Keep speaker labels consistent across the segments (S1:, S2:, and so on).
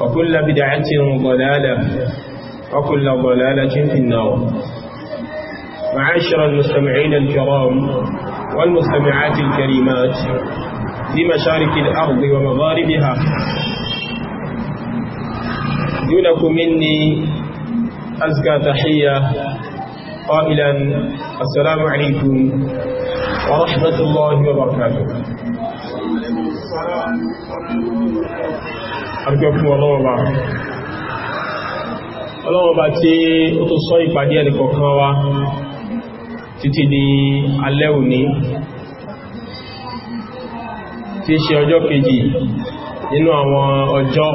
S1: وكل بدعة ضلالة وكل ضلالة في النار معاشر المستمعين الكرام والمستمعات الكريمات في مشارق الأرض ومغاربها دونكم مني أزكى تحية قائلا السلام عليكم ورحمة الله وبركاته àdúgbẹ́ fún ọlọ́ọ̀bá ọlọ́ọ̀bá tí ó wa títí di alẹ́ òní tí ṣe ọjọ́ kejì nínú àwọn ọjọ́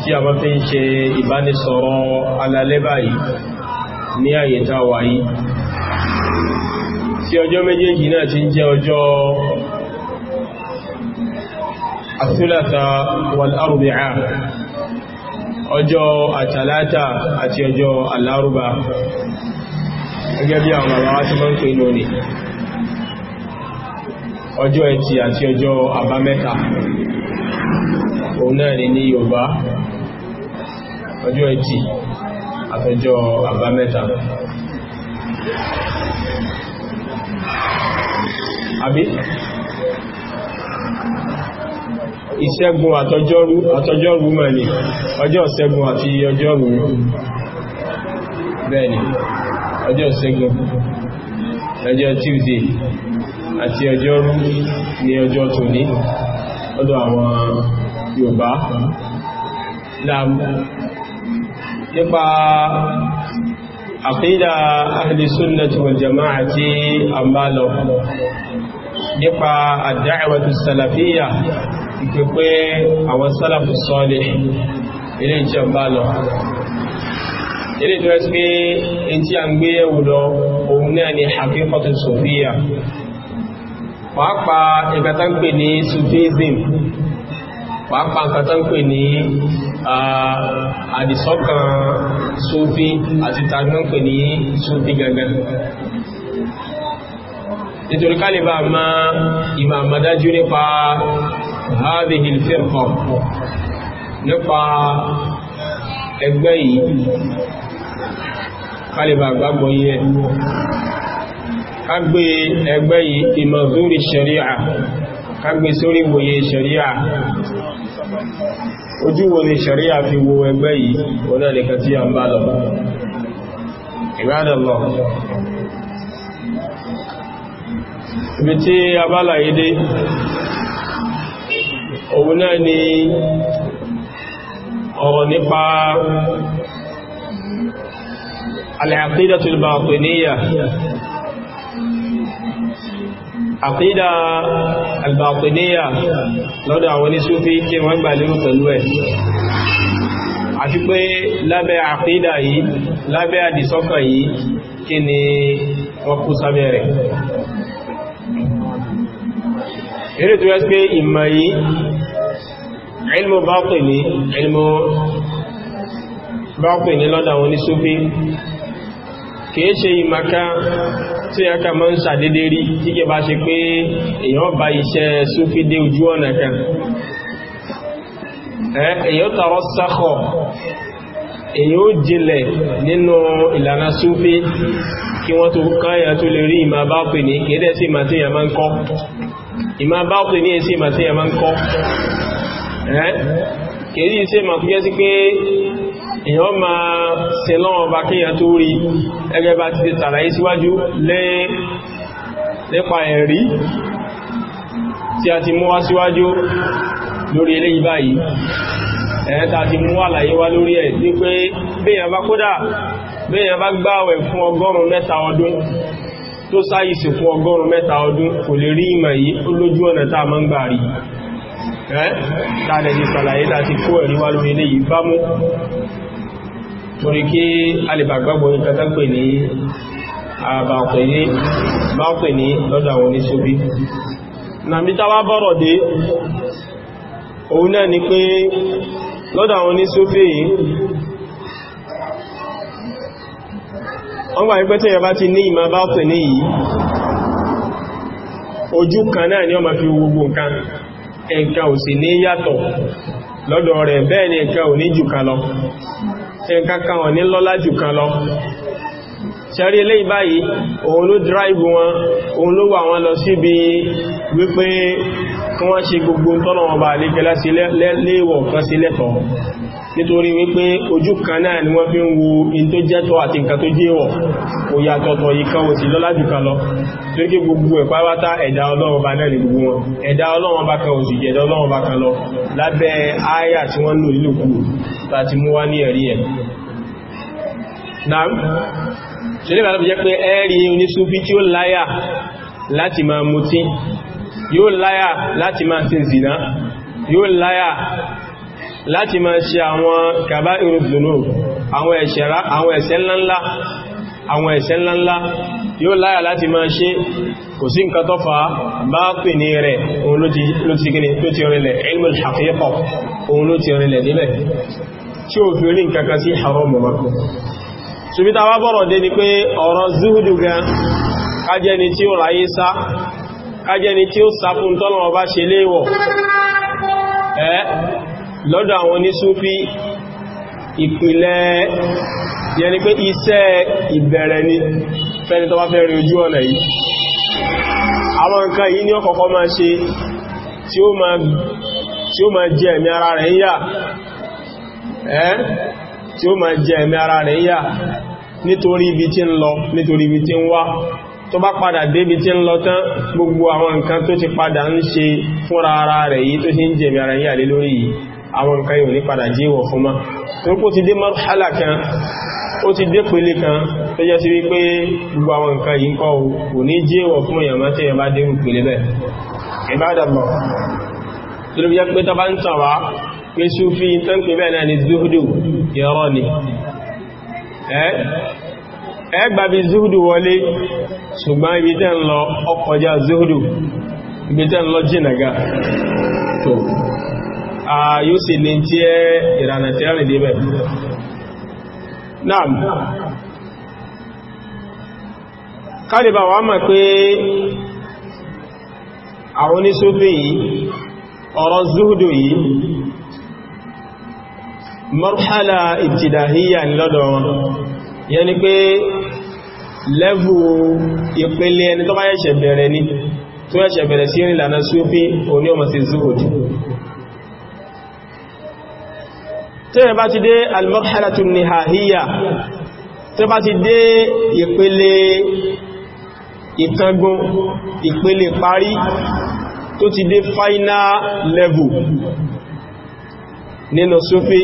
S1: tí a bá fi ń ṣe ìbánisọ̀rọ̀ alalẹ́ báyìí ní àyètà wáyìí tí ọjọ́ méjèèjì náà ti ń jẹ́ ọjọ́ àtúlàtà wàl'arùbìá
S2: ọjọ́ àtàlátà àti ọjọ́ alárùbá gẹ́gẹ́ bí àwọn àwọn àti mọ́ ń pè lónìí
S1: ọjọ́ ẹtì àti ọjọ́ àbámẹ́ta òun náà ní Yorùbá ọjọ́ ẹtì àtọjọ́ àbámẹ́ta àbí ìṣẹ́gun àtọjọ́rú àtọjọ́rú mọ̀ ní ọjọ́ ìṣẹ́gun àti ọjọ́rú bẹ́ẹ̀ni ọjọ́ ìṣẹ́gun ọjọ́ Tuesday àti ọjọ́rú ní ọjọ́ tòní ọdọ̀ àwọn Yorùbá láàmù nípa àkídà ahli sunnati wal jama'ati nípa ad-da'watu salafiyya ìpépé àwọn sálàfù sọ́lẹ̀ ilé ìjẹ́ bá lọ ilé tó rẹ̀ pé in tí a ń gbé ẹwù lọ òun náà ni haqiqatu sufiyya pàápàá ìgbàtà ń pè ní sufism pàápàá nǹkan tó ń pè ní àdìsọ́kàn sufi àti tàbí ń pè ní sufi gangan nítorí ká lè bá ma ìmà àmàdájú nípa hadhihi al-firqa nípa ẹgbẹ́ yìí ká lè bá gbàgbọ́ yẹ ká gbé ẹgbẹ́ yìí ìmọ̀zúrí ṣẹ̀ríà ká gbé sórí wòye ṣẹ̀ríà ojú wo ni ṣẹ̀ríà fi wo ẹgbẹ́ yìí wọ́n náà ibi tí a bá láyé dé òun náà ni ọ̀rọ̀ nípa al-aqidatul batiniyah àkídà al-batiniyah lọ́dọ̀ àwọn oníṣúfí kí wọ́n gbà lérò pẹ̀lú ẹ̀ àti pé lábẹ́ àkídà yìí lábẹ́ àdìsọ́kàn yìí kí ni wọ́n kú sábẹ́ rẹ̀ eré tó yẹ́ pé ìmọ̀ yìí ilmu batini ilmu batini lọ́dọ̀ àwọn oníṣúfí kìí ṣe ìmọ̀ká tí a ká mọ́ ń sàdédé rí tí kẹ bá ṣe pé èyàn bá iṣẹ́ súfí dé ojú ọ̀nà kan èyàn tàrọ ó jìnlẹ̀ nínú ìlànà súfí kí wọ́n tó káyà tó lè rí ìmọ̀ batini kìí dẹ̀ sí ìmọ̀ tí èyàn ń kọ́ ìmá bá ọ̀tọ̀ ní ẹsẹ́ ìmá tí ẹ máa ń kọ́ kèrí iṣẹ́ ma fi jẹ́ sí pé èyàn ma ṣe lọ́wọ́ bá kíyàn tó rí ẹgbẹ́ bá ti tàlàyé síwájú lẹ́pa ẹ̀rí tí a ti mú wá síwájú lórí eléyìí báyìí ẹ̀ẹ́ta ti mú àlàyé wá lórí ẹ̀ ní pé béèyàn bá kódà béèyàn bá gbáwẹ̀ fún ọgọ́rùn-ún mẹ́ta ọdún tó sáyìsì fún ọgọ́rùn mẹ́ta ọdún kò lè rí ìmọ̀ yìí ó lójú ọ̀nà tá a ń gbà rí ẹ́ tààdẹ̀ ti sàlàyé láti kó ẹ̀rí lórí ilé yìí bá mú torí kí a lè bàgbàgbọ́ ní wọ́n gbà wípé tí ẹ̀bá ti ní ìmọ̀ bá pè ní yìí ojú kan náà ni ó ma fi gbogbo nǹkan ẹ̀ǹkan ò sì ní yàtọ̀ lọ́dọ̀ rẹ̀ bẹ́ẹ̀ ni ẹ̀ǹkan ò ní jù kan lọ ẹ̀ǹkan kan ò ní lọ́lá jù kan lọ ṣẹ́rí ilé ìbáyìí òun ló drive wọn òun ló wà wọn lọ síbi wípé kí wọ́n ṣe gbogbo tọ́nà wọn bá lè fẹ́lá sí léèwọ̀ kan sí lẹ́tọ̀ nítorí wípé ojú kan náà ni wọ́n fi ń wo in tó jẹ́tọ́ àti nǹkan tó jẹ́wọ̀ kò yàtọ̀tọ̀ ìkan ò sí lọ́lájú kan lọ lórí gbogbo ẹ̀páwátá ẹ̀dá ọlọ́run bá náà ní gbogbo wọn ẹ̀dá ọlọ́run bá kan ò sì jẹ̀dá ọlọ́run bá kan lọ lábẹ́ áyà tí wọ́n lò nílùkù láti mú wá ní ẹ̀rí ẹ̀ ṣeré bá jẹ́ pé ẹ́rí onísúfí tí ó láyà láti máa mutí yóò láyà láti máa sin zina yóò láyà láti máa ṣe àwọn kàbá ìrùdùnú àwọn ẹ̀ṣẹ̀ ńláńlá àwọn ẹ̀ṣẹ̀ ńláńlá yóò láyà láti máa ṣe kò sí nǹkan tó fa bá pè ní rẹ̀ òun ló ti gíní tó ti rìnlẹ̀ ilmul haqiqa òun ló ti rìnlẹ̀ níbẹ̀ tí ó fi rí nǹkan kan sí haram mọ̀mọ́kùn ṣùgbítà wá bọ̀rọ̀ dé ni pé ọ̀rọ̀ zuhudu gan kájẹni tí ó ráyé sá kájẹni tí ó sáfún tọ́nà ọba ṣe léèwọ̀ ẹ́ lọ́dọ̀ àwọn onísúfí ìpìlẹ̀ yẹn ni pé iṣẹ́ ìbẹ̀rẹ̀ ni fẹ́ni tó fẹ́ tí ó máa jẹ́ ẹ̀mí ara rẹ̀ ń yà tí ó máa jẹ ẹ̀mí ara rẹ̀ yà nítorí ibi tí ń lọ nítorí ibi tí ń wá tó bá padà débi tí ń lọ tán gbogbo àwọn nǹkan tó ti padà ń ṣe fúnra ara rẹ̀ yìí tó ti ń jẹ̀mí ara yà lé lórí yìí àwọn nǹkan yóò ní padà jíwọ̀ fún ma torípò ti dé marhala kan ó ti dé pele kan tó jẹ́ sí wípé gbogbo àwọn nǹkan yìí kọ́ kò ní jíwọ̀ fún èèyàn mọ́ tí èèyàn bá dé ìpele bẹ́ẹ̀ ìbádàmọ̀ tó ló bí jẹ́ pé tó bá ń tàn wá pé fi tán bẹ́ẹ̀ náà ni zuhudu ni ẹ gbàbí zuhudu wọlé ṣùgbọ́n ibi tẹ́ ń lọ ọkọjá zuhudu ibi tẹ́ ń lọ a sì ní tí ẹ ìrànà tí náà wà mọ̀ pé àwọn yìí ọ̀rọ̀ zuhudu yìí marhala ibtidahiyya ni lọ́dọ̀ wọn yẹni pé lẹ́vù ìpele ẹni tó bá yẹ́ṣẹ̀ bẹ̀rẹ̀ ní tó yẹ́ṣẹ̀ bẹ̀rẹ̀ sí ìrìnlànà Sufi òní ọmọ sí zuhud tẹ́rẹ bá al-marhalatu nihahiyya tẹ́rẹ bá ti dé ìpele ìtangun ìpele parí tó final level nínú súfí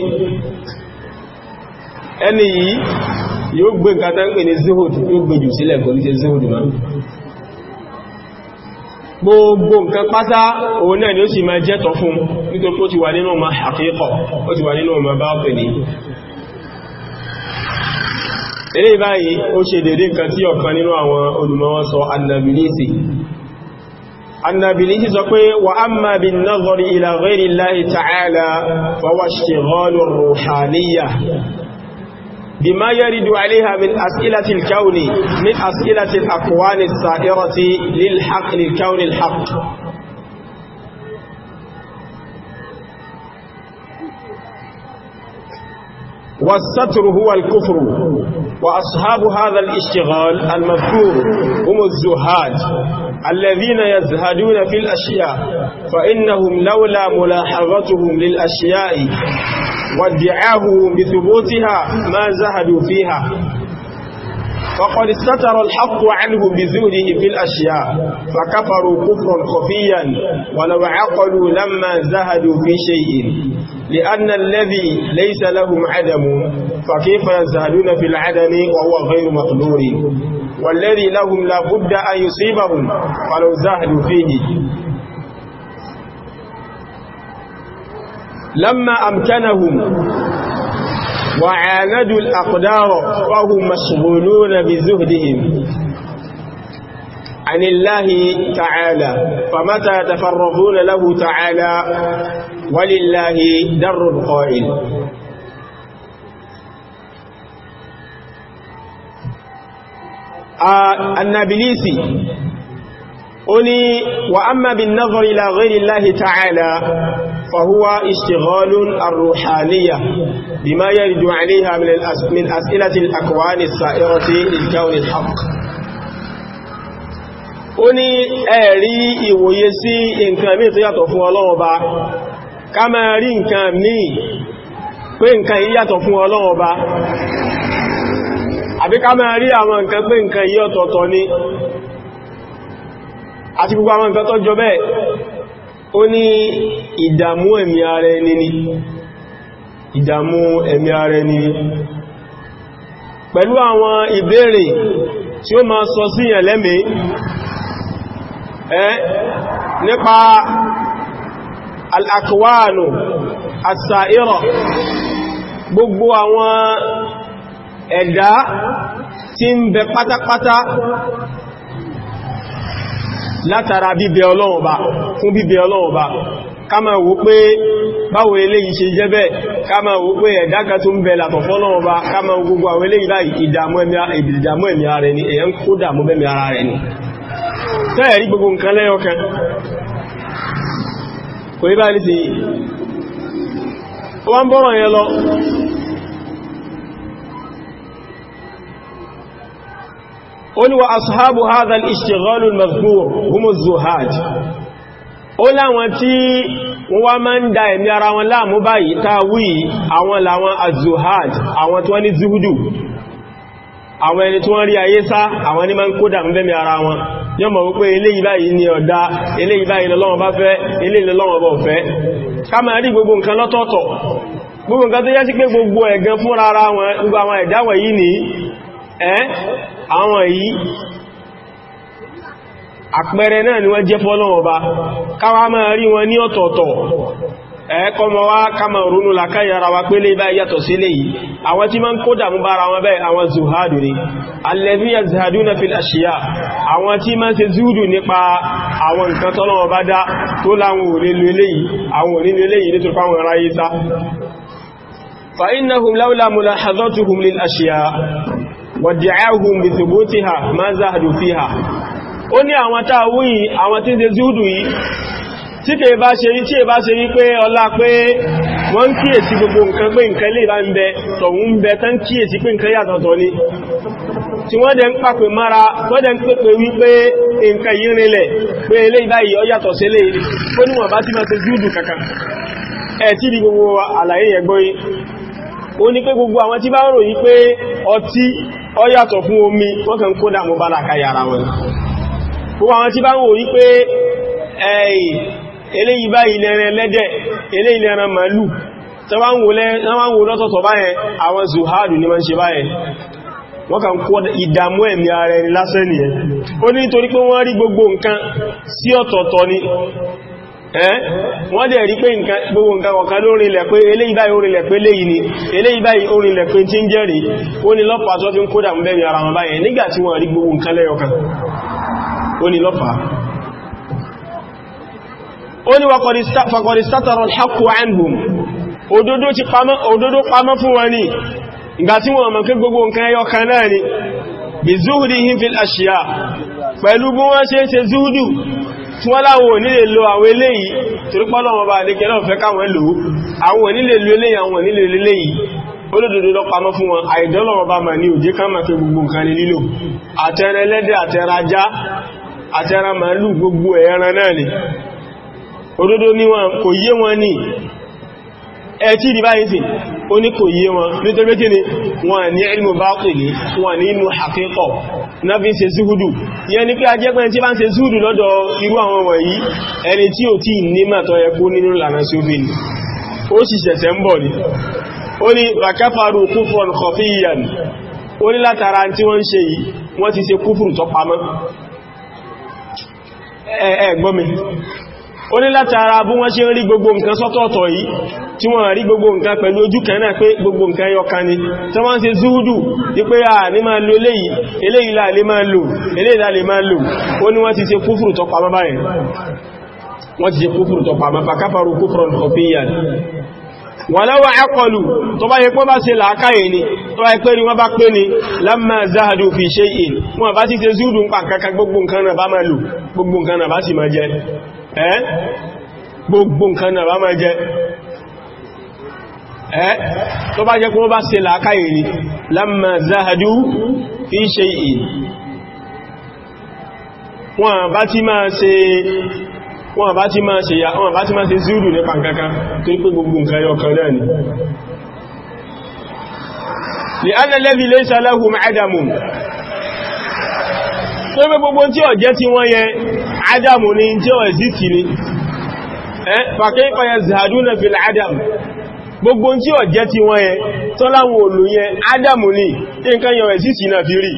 S1: ẹni yìí yóò gbé nǹkan tán pè ní zuhud yóò gbé jù sílẹ̀ kò ní ṣe zuhud ma gbogbo nǹkan pátá òun náà ni ó sì máa jẹ́tọ̀ fún nítorí ó ti wà nínú ọmọ àkíkọ̀ ó ti wà nínú ọmọ bá ọ̀pẹ̀ ní eré báyìí annabilisi sọ pé wa amma bin nazari ila ghairi Allahi ta'ala fa huwa ishtighalun ruhaniyya بما يرد عليها من أسئلة الكون من أسئلة الأكوان السائرة للحق للكون الحق والستر هو الكفر وأصحاب هذا الاشتغال المذكور هم الزهاد الذين يزهدون في الأشياء فإنهم لولا ملاحظتهم للأشياء وادعاه بثبوتها ما زهدوا فيها فقد استتر الحق عنهم بزهده في الأشياء فكفروا كفرا خفيا ولو عقلوا لما زهدوا في شيء لأن الذي ليس لهم عدم فكيف يزهدون في العدم وهو غير مقدور والذي لهم لابد أن يصيبهم فلو زهدوا فيه لما أمكنهم وعاندوا الأقدار وهم مشغولون بزهدهم عن الله تعالى فمتى تفرغون له تعالى ولله در القائل النابلسي قولي وأما بالنظر إلى غير الله تعالى فهو اشتغال الروحانية بما يرد عليها من, من أسئلة الأكوان السائرة للكون الحق ó ní ẹ̀rí ìwòye sí nǹkan mí tó yàtọ̀ fún Ọlọ́run Ọba ká máa rí nǹkan mí pé nǹkan yí yàtọ̀ fún Ọlọ́run Ọba àbí ká máa rí àwọn nǹkan pé nǹkan yí ọ̀tọ̀ọ̀tọ̀ ni àti gbogbo àwọn nǹkan tó jọ bẹ́ẹ̀ ó ní ìdàmú ẹ̀mí ara ẹni ni ìdàmú ẹ̀mí ara ẹni ni pẹ̀lú àwọn ìbéèrè tí ó máa sọ sí ẹ̀lẹ́mí ẹ́ nípa al'akọwàánù àsàírọ̀ gbogbo àwọn ẹ̀dá tí ń bẹ pátápátá látara bíbẹ ọlọ́run bá fún bíbẹ ọlọ́run kama wo pé báwo eléyìí ṣe jẹ́ bẹ́ẹ̀ kama wo pé ẹ̀dá tó ń bẹ làtọ̀ kama gbogbo àwọn eléyìí báyìí ẹ̀mí ara rẹ̀ ni èyàn kó ara ó ní wa ashabu hadha al-ishtighal al-mazkur hum az-zuhaj ó láwọn tí wọ́n wá máa ń da ẹ̀mí ara wọn láàmú báyìí tá wí àwọn làwọn az-zuhaj àwọn tí wọ́n ní zuhudu àwọn ẹni tí wọ́n rí ayé sá àwọn ní máa ń kódà ń bẹ́mi ara wọn yọ́ mọ̀ wípé eléyìí báyìí ni ọ̀dá eléyìí àwọn yìí àpẹẹrẹ náà ni wọ́n jẹ́ fọ́lọ́wọ́ ọba káwà máa rí wọn ní ọ̀tọ̀ọ̀tọ̀ ẹ̀ẹ́kọ́ mọ́ wá kama ronú làkáyàra wa pé lè bá yàtọ̀ sí lè yìí àwọn tí máa ń kó dàmú bára wọn bẹ́ẹ̀ àwọn zuhadu ni alẹ́bí zuhadu na fi àṣíyà àwọn tí máa ṣe zuhudu nípa àwọn nǹkan tọ́lọ́wọ́ bá dá tó láwọn wàdìáhùn bìtìbótì ha ma ń záhàdù fi ha ó ní àwọn táàwú yìí àwọn tí ń ṣe zúdù yìí tí kèé bá ṣe rí tí è bá ṣe pé ọlá pé wọ́n kíyèsí gbogbo nǹkan pé nǹkan lè bá ń bẹ tọ̀hún ń bẹ tán kíyèsí pé ni tí wọ́n ń wọ́n ń wípé nǹkan yìí rinlẹ̀ pé yàtọ̀ ó bá ti máa ṣe gbogbo àlàyé gbọ́yìn ó ní pé gbogbo àwọn tí bá ròyìn pé ọtí ó yàtọ̀ fún omi wọ́n kàn kó dámọ́ bá làkàyà ara wọn gbogbo àwọn tí bá ròyìn pé ẹ̀yìn eléyìí bá lẹ́dẹ̀ eléyìí màálù tí wọ́n wò ni wọ́n ṣe báyẹn wọ́n kàn kó ìdàmú ẹ̀mí wọ́n dẹ̀ rí pé gbogbo nǹkan ọ̀kan ló rinlẹ̀ pé eléyìí báyìí orinlẹ̀ pé léyìí ni eléyìí báyìí orinlẹ̀ pé tí ń jẹ́rìí ó ní lọ́pàá tó fi ń kódà ń bẹ́rẹ̀ ara wọn báyìí nígbà tí wọ́n rí gbogbo nǹkan lẹ́yọkan ó ní lọ́pàá ó ní fàkọ̀dì sátàrọ̀ alhaqqu anhum òdodo ti pamọ́ tí wọ́n láwọn onílè lo àwọn eléyìí torípọ́lọ́wọ́ bá lè kẹ́lọ́ fẹ́ káwọn lò àwọn onílè lo eléyìí àwọn onílè lo eléyìí olódodo lọ pamọ́ fún wọn àìdọ́lọ́wọ́ bá mà ní òjé ká máa fi gbogbo nǹkan ní lílò àtẹran ẹlẹ́dẹ̀ àtẹran ẹ̀tí ìdíbáyìntì ó ní kò yé wọn nítorí kí ni wọ́n ní ilmu bákìlì wọ́n ní inú àkíkọ̀ náà fi ń ṣe zúhùdù yẹn ni pé a jẹ́ pé tí bá ń ṣe zúhùdù lọ́dọ̀ irú àwọn wọ̀nyí ẹni tí ò tí ni ó ní wàkáfàrù kúfùrùn kọfíyàn ó ní látara tí wọ́n ń ó ní látara bú wọ́n ṣe ń rí gbogbo nǹkan sọ́tọ̀ọ̀tọ̀ yìí tí wọ́n rí gbogbo nǹkan pẹ̀lú ojú kan náà pé gbogbo nǹkan yọkan ni tí wọ́n ṣe zúúdù ní pé à ní máa lo eléyìí eléyìí la lè máa lò eléyìí la lè máa lò ó ní wọ́n ti ṣe kúfùrù tọpa mọ́ báyìí wọ́n ti ṣe kúfùrù tọpa mọ́ pàkápàrù kúfùrù opinion wàláwà ẹ́kọlù tó bá yẹ pọ́ bá ṣe làákàyè ni tó bá yẹ pé ni wọ́n bá pé ni lámà záàdù fi ṣe ìn wọ́n bá ti ṣe zúúdù ń pàkàkà gbogbo nǹkan náà bá máa lò gbogbo nǹkan náà bá sì máa jẹ ẹ́ gbogbo nǹkan náà bá máa jẹ ẹ́ tó bá jẹ́ kó bá ṣe làákàyè ni lámà záhadú fi ṣe ì wọ́n bá ti máa ṣe wọ́n bá ti máa ṣe ya wọ́n bá ti máa ṣe zúrù ní pàǹkankan tó ní pé gbogbo nǹkan yọ kan náà ni lè ánà lẹ́bí lè ṣàlẹ́hùn mẹ́ẹ̀dàmù tó ní pé gbogbo tí ọ̀jẹ́ ti wọ́n yẹn adamu ní tí ó ẹ̀sìtì ni fàkẹ́fà yẹ zàdúnà fi adamu gbogbo tí ó jẹ́ ti wọ́n yẹ tọ́láwọn olù yẹ adamu ní nǹkan yọ ẹ̀sìtì náà fi rí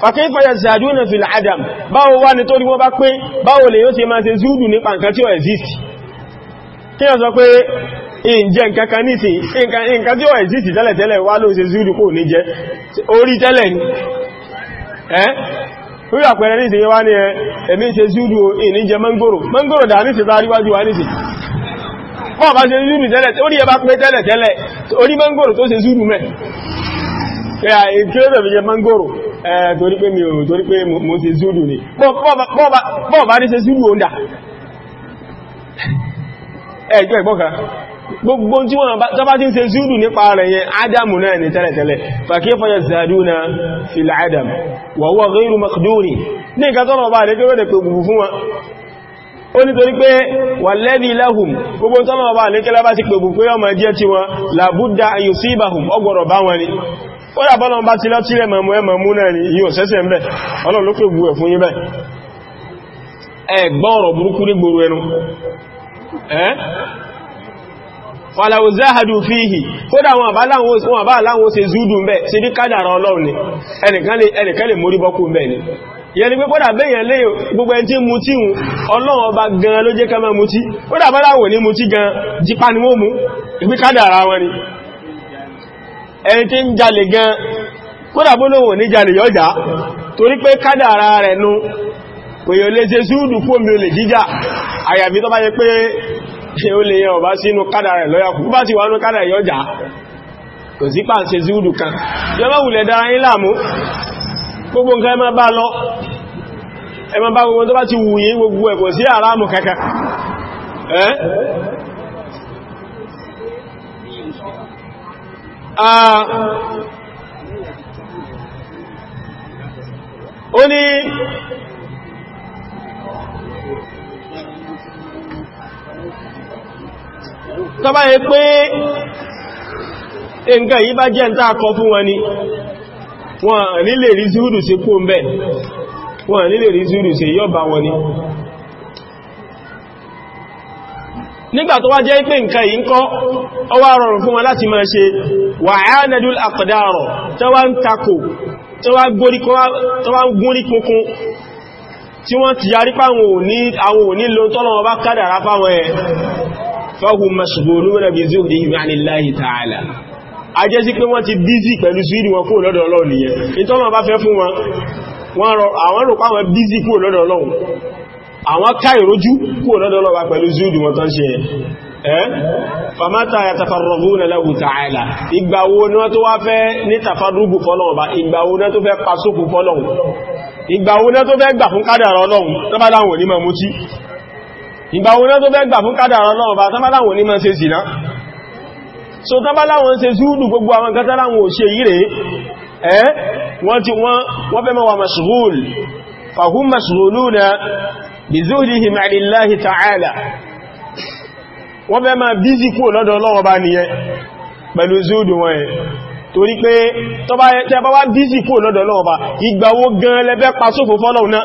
S1: fàkẹ́fà yẹ zàdúnà fi adam báwo wá ní tó rí wọ́n bá pé báwo lè yóò ṣe máa ṣe zúdù nípa nǹkan tí ó ẹ̀sìtì kí yọ sọ pé ìjẹ nǹkan kan ní sí nǹkan lórí àpẹẹrẹ ní ìsìnkú wá ní ẹ̀mí ṣe zúdù ní jẹ mangoro mangoro dà ní ṣe n'isi wá ní sí bọ́ bá ṣe zúdù tẹ́lẹ̀ orí ẹbá pé tẹ́lẹ̀ tẹ́lẹ̀ orí mangoro tó ṣe zúdù mẹ́ kílódọ̀ tori o mo ni gbogbo tí wọ́n bá tí ń ṣe zúdù nípa rẹ̀ yẹn adamu náà ni tẹ́lẹ̀tẹ́lẹ̀ fàkífà yẹ zàdúnà fil adam wa huwa ghayru maqduri ní ìkàtọ́rọ̀ bá rẹ̀ kéré pẹ̀ gbogbo fún wọn ó nítorí pé walladhi lahum gbogbo tọ́lọ̀ bá lékẹ́lá bá ti pẹ̀gbù rẹ̀ ẹgbọ́n ọ̀rọ̀ burúkú ní gbòrò ẹnu wàláwò záhàdù fíhì kódà wọn àbá láwọn ṣe zúdù mẹ́ sí bí kádàrà ọlọ́run ni ẹnìkan lè mórí mẹ́ ni yẹn pé kódà bẹ́yàn lè gbogbo ẹni tí mú tí hùn ọba gan ló jẹ́ kẹ́mọ́ mú tí kódà bá láwọn ní mú tí gan jípa ni wọ́n mú ìpí kádàrà wọn ni ẹni tí ń jalè gan kódà ní jalè torí pé kádàrà rẹ̀ nu lè ó lè ọba sínú kádà rẹ̀ lọ́yàkù bá ti wà ní kádà yọjà kò sí pàǹsẹ̀ zúúdù kan yọmọ́ wùlẹ̀ dára yín láàmú gbogbo nǹkan ẹ bá lọ ẹ bá gbogbo tó bá ti wù gbogbo tó bá yẹ pé nǹkan yìí bá jẹ́ ń tàà kọ fún wọn ni wọn nílè rí zúrù sí kó ń bẹ̀ wọn nílè rí zúrù sí yọba wọn ni nígbà tó wá jẹ́ pé nǹkan yìí ń kọ́ ó wá rọrùn fún wọn láti máa ṣe wà ánàdúl àkọ̀dárọ̀ tó wá ń takò tó wá gúnrí kúnkún tí wọ́n ti yarí pàwọn òní lóntọ́lọ́wọ́ bá kádàrá fáwọn ẹ̀ fahum mashghuluna bi zuhdihim 'anillahi ta'ala a jẹ́ sí pé wọ́n ti bízì pẹ̀lú sírí wọn kúrò lọ́dọ̀ Ọlọ́run nìyẹn ìtọ́lọ̀ bá fẹ́ fún wọn wọ́n rọ àwọn rò pàwọn bízì kúrò lọ́dọ̀ Ọlọ́run àwọn ká ìrójú kúrò lọ́dọ̀ Ọlọ́run wa pẹ̀lú sírí wọn tán ṣe famata ya tafarrugu na lahu ta'ala ìgbàwo ni wọ́n tó wá fẹ́ ní ìgbà wọn náà tó fẹ́ gbà fún kádàrà Ọlọ́run bá onímọ̀ ṣe zìná so tánbá láwọn ṣe zúúdù gbogbo àwọn kátà láwọn ò ṣe yíre ẹ́ wọ́n ti wọ́n fẹ́ mọ́ wà mashghul fahum mashghuluna bi zuhdihim 'ala Allah ta'ala wọ́n fẹ́ máa torí pé tọba tẹba wá bízì kú lọ́dọ̀ Ọlọ́run bá ìgbà wo gan lẹ́fẹ́ pasófò fọ́lọ́run náà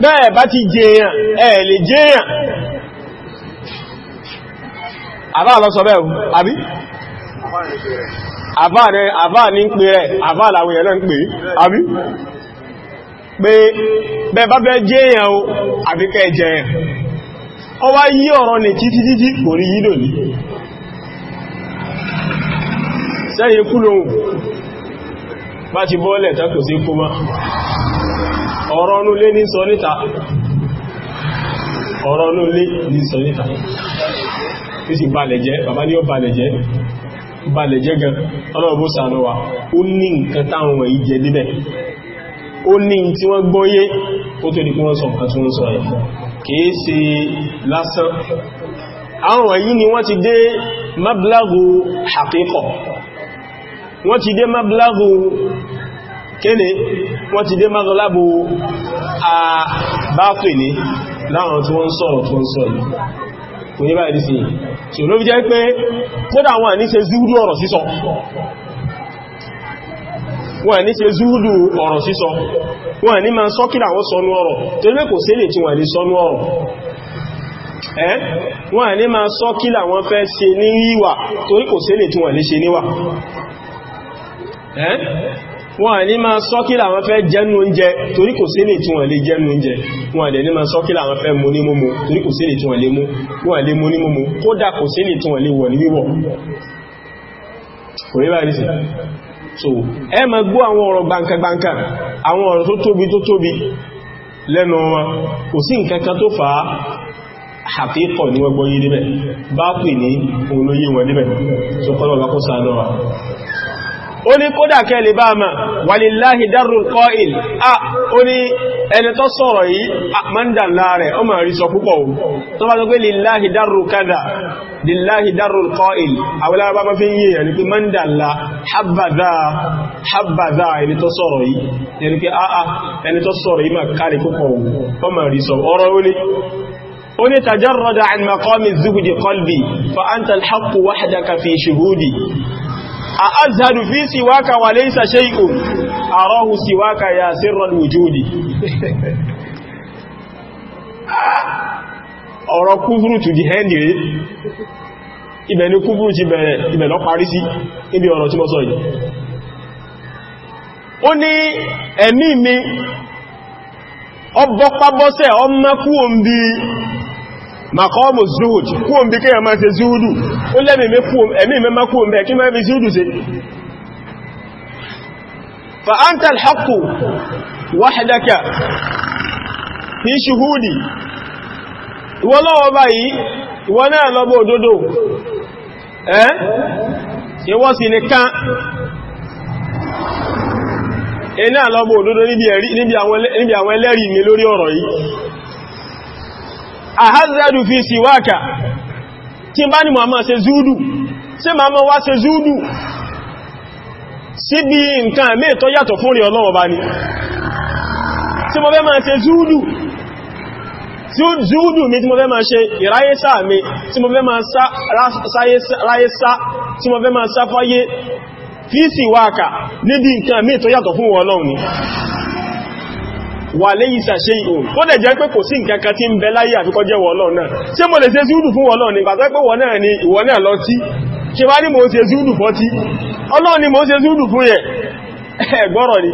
S1: bẹ́ẹ̀ bá ti jẹyàn ẹ̀ lè jẹyàn àbá lọ sọ bẹ́ẹ̀ àbí àbá ní ń pè rẹ̀ àbá làwọn èèyàn náà ń pè àbí pé bẹ́ẹ̀ bá bẹ́ jẹyàn o àbí kẹ́ jẹyàn ọ wá yí ọ̀rọ̀ ní títí títí kò rí yídò ní sẹ́yìn kúlò bá ti bọ́ọ̀lẹ̀ tàkò sí kó ọ̀rọ̀ ọnú sọ níta ọ̀rọ̀ ọnú sọ níta tí sì balẹ̀ jẹ́ bàbá ní ó balẹ̀ jẹ́ balẹ̀ jẹ́ gan ọlọ́ọ̀bó sàánúwà ó ní nǹkan táwọn wọ̀nyí jẹ́ níbẹ̀ ó ní tí wọ́n gbọ́yé ó tó ní kí wọ́n sọ kíni wọ́n ti dé mọ́sọ́lábò àbápè ní láwọn tí wọ́n sọ̀rọ̀ tí wọ́n sọ̀rọ̀ kò ní báyìí sí tí ó ló fi jẹ́ pé kódà wọn ní ṣe zúúdù ọ̀rọ̀ sísọ wọn ní ṣe zúúdù ọ̀rọ̀ sísọ wọn ní ma sọ́kìlà wọn sọnú ọ̀rọ̀ tó lé kò sí lè tí wọn ní sọnú ọ̀rọ̀ ẹ́ wọn ní ma sọ́kìlà wọn fẹ́ ṣe ní ìwà torí kò sí lè tí wọn lè ṣe níwà ẹ́ wọn ní máa sọ́kílà wọn fẹ́ jẹnu oúnjẹ torí kò sí lè tí wọ́n lè jẹnu oúnjẹ wọn lè ní máa sọ́kílà wọn fẹ́ mú ní múmú torí kò sí lè tí wọ́n lè mú wọn lè mú ní múmú kódà kò sí lè tí wọ́n lè wọ̀ ní wíwọ̀ kò rí báyìí sí so ẹ ma gbọ́ àwọn ọ̀rọ̀ gbankagbanka àwọn ọ̀rọ̀ tó tóbi tó tóbi lẹ́nu wọn kò sí nǹkan kan tó fà á àfíkọ̀ ni wọ́n gbọ́ yé níbẹ̀ bá pè ní òun ló yé wọn níbẹ̀ so kọ́lọ̀ wá sáà náà ó ní kódà kẹ́ lè bá ma wàlìláhì dárùn kọ́ ìl a ó ní ẹni tó sọ̀rọ̀ yìí a mọ́ndà láàrẹ̀ ó ma rí sọ púpọ̀ ohun tó bá tó pé lìláhì dárùn kádà lìláhì dárùn kọ́ ìl àwọlára bá fi yíyà ní pé mọ́ndà lá hábàdá ẹni tó sọ̀rọ̀ تجرد عن مقام الزهد قلبي فأنت الحق وحدك في شهودي أأزهد في سواك وليس شيء أراه سواك ya سر الوجود ọ̀rọ̀ kúfúrú to the end rẹ̀ ibẹ̀ ni kúfúrú ti bẹ̀rẹ̀ ibẹ̀ lọ parí sí níbi ọ̀rọ̀ tí mo sọ yìí ó ní ẹ̀mí mi ọbọ́pábọ́sẹ̀ ọmọkú òmbi makọ́mù zuhud kúùn bí kíyà máa ṣe zuhudu ó lẹ́mì mẹ́má kúùn bẹ̀ kí máa fi zuhudu ṣe fa'anta alhaku wáhadaka fi ṣuhudi wọ́n lọ́wọ́ báyìí wọ́n náà lọ́bọ̀ òdodo ẹ́ ìwọ́ sí ni kán iná lọ́bọ̀ òdodo níbi àwọn ẹlẹ́rìí mi lórí ọ̀rọ̀ yìí àházádù fi síwáka tí bá ní mọ̀ máa ṣe zúdù sí ma mọ́ wá ṣe zúdù síbi nǹkan mẹ́ẹ̀tọ́ yàtọ̀ fún rí ọlọ́wọ̀ bá ní tí mo fẹ́ máa ṣe zúdù zúdù mi tí mo fẹ́ máa ṣe ìráyésá mi tí mo fẹ́ máa ráyésá tí mo fẹ́ máa sáfáyé fi síwáka níbi nǹkan mẹ́ẹ̀tọ́ yàtọ̀ fún ọlọ́wọ̀ ni wà léyìí ṣàṣe ìhò ó dẹ̀ jẹ́ pé kò sí nǹkan kan tí ń bẹ láyé àfikọ́ wọ́lọ́ náà ṣé mo lè ṣe zúúdù fún wọ́lọ́ ni? pé wọ́n náà ni ìwọ náà lọ tí ṣe wá ní mo ṣe zúúdù fọ́ tí mo ṣe zúúdù fún yẹ ni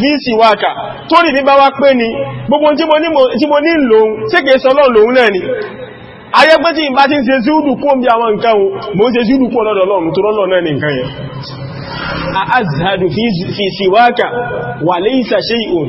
S1: fi ń sì wákà tó rí ní bá wá pé ni gbogbo tí mo ní lòun ṣé kìí sọ lòun náà ni tí ìbá ti ń kún bí àwọn nǹkan ohun mo ń ṣe zúúdù kún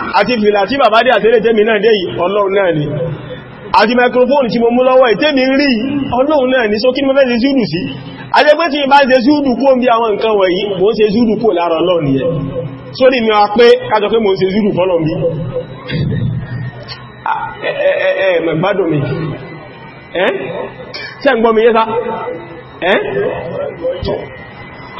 S1: àti fìlà tí bàbá dé àtẹ́lẹ̀ tẹ́mi náà dé ọlọ́run náà ni àti microphone tí mo mú lọ́wọ́ ìtẹ́mi rí ọlọ́run náà ni sókí mo fẹ́ ṣe zúdù sí ajẹ́gbẹ́ tí bá ṣe zúdù kúrò bí àwọn nǹkan wọ̀nyí mo ń ṣe zúdù kúrò lára ọlọ́run mi wá mi ẹ́ tẹ́ ń gbọ́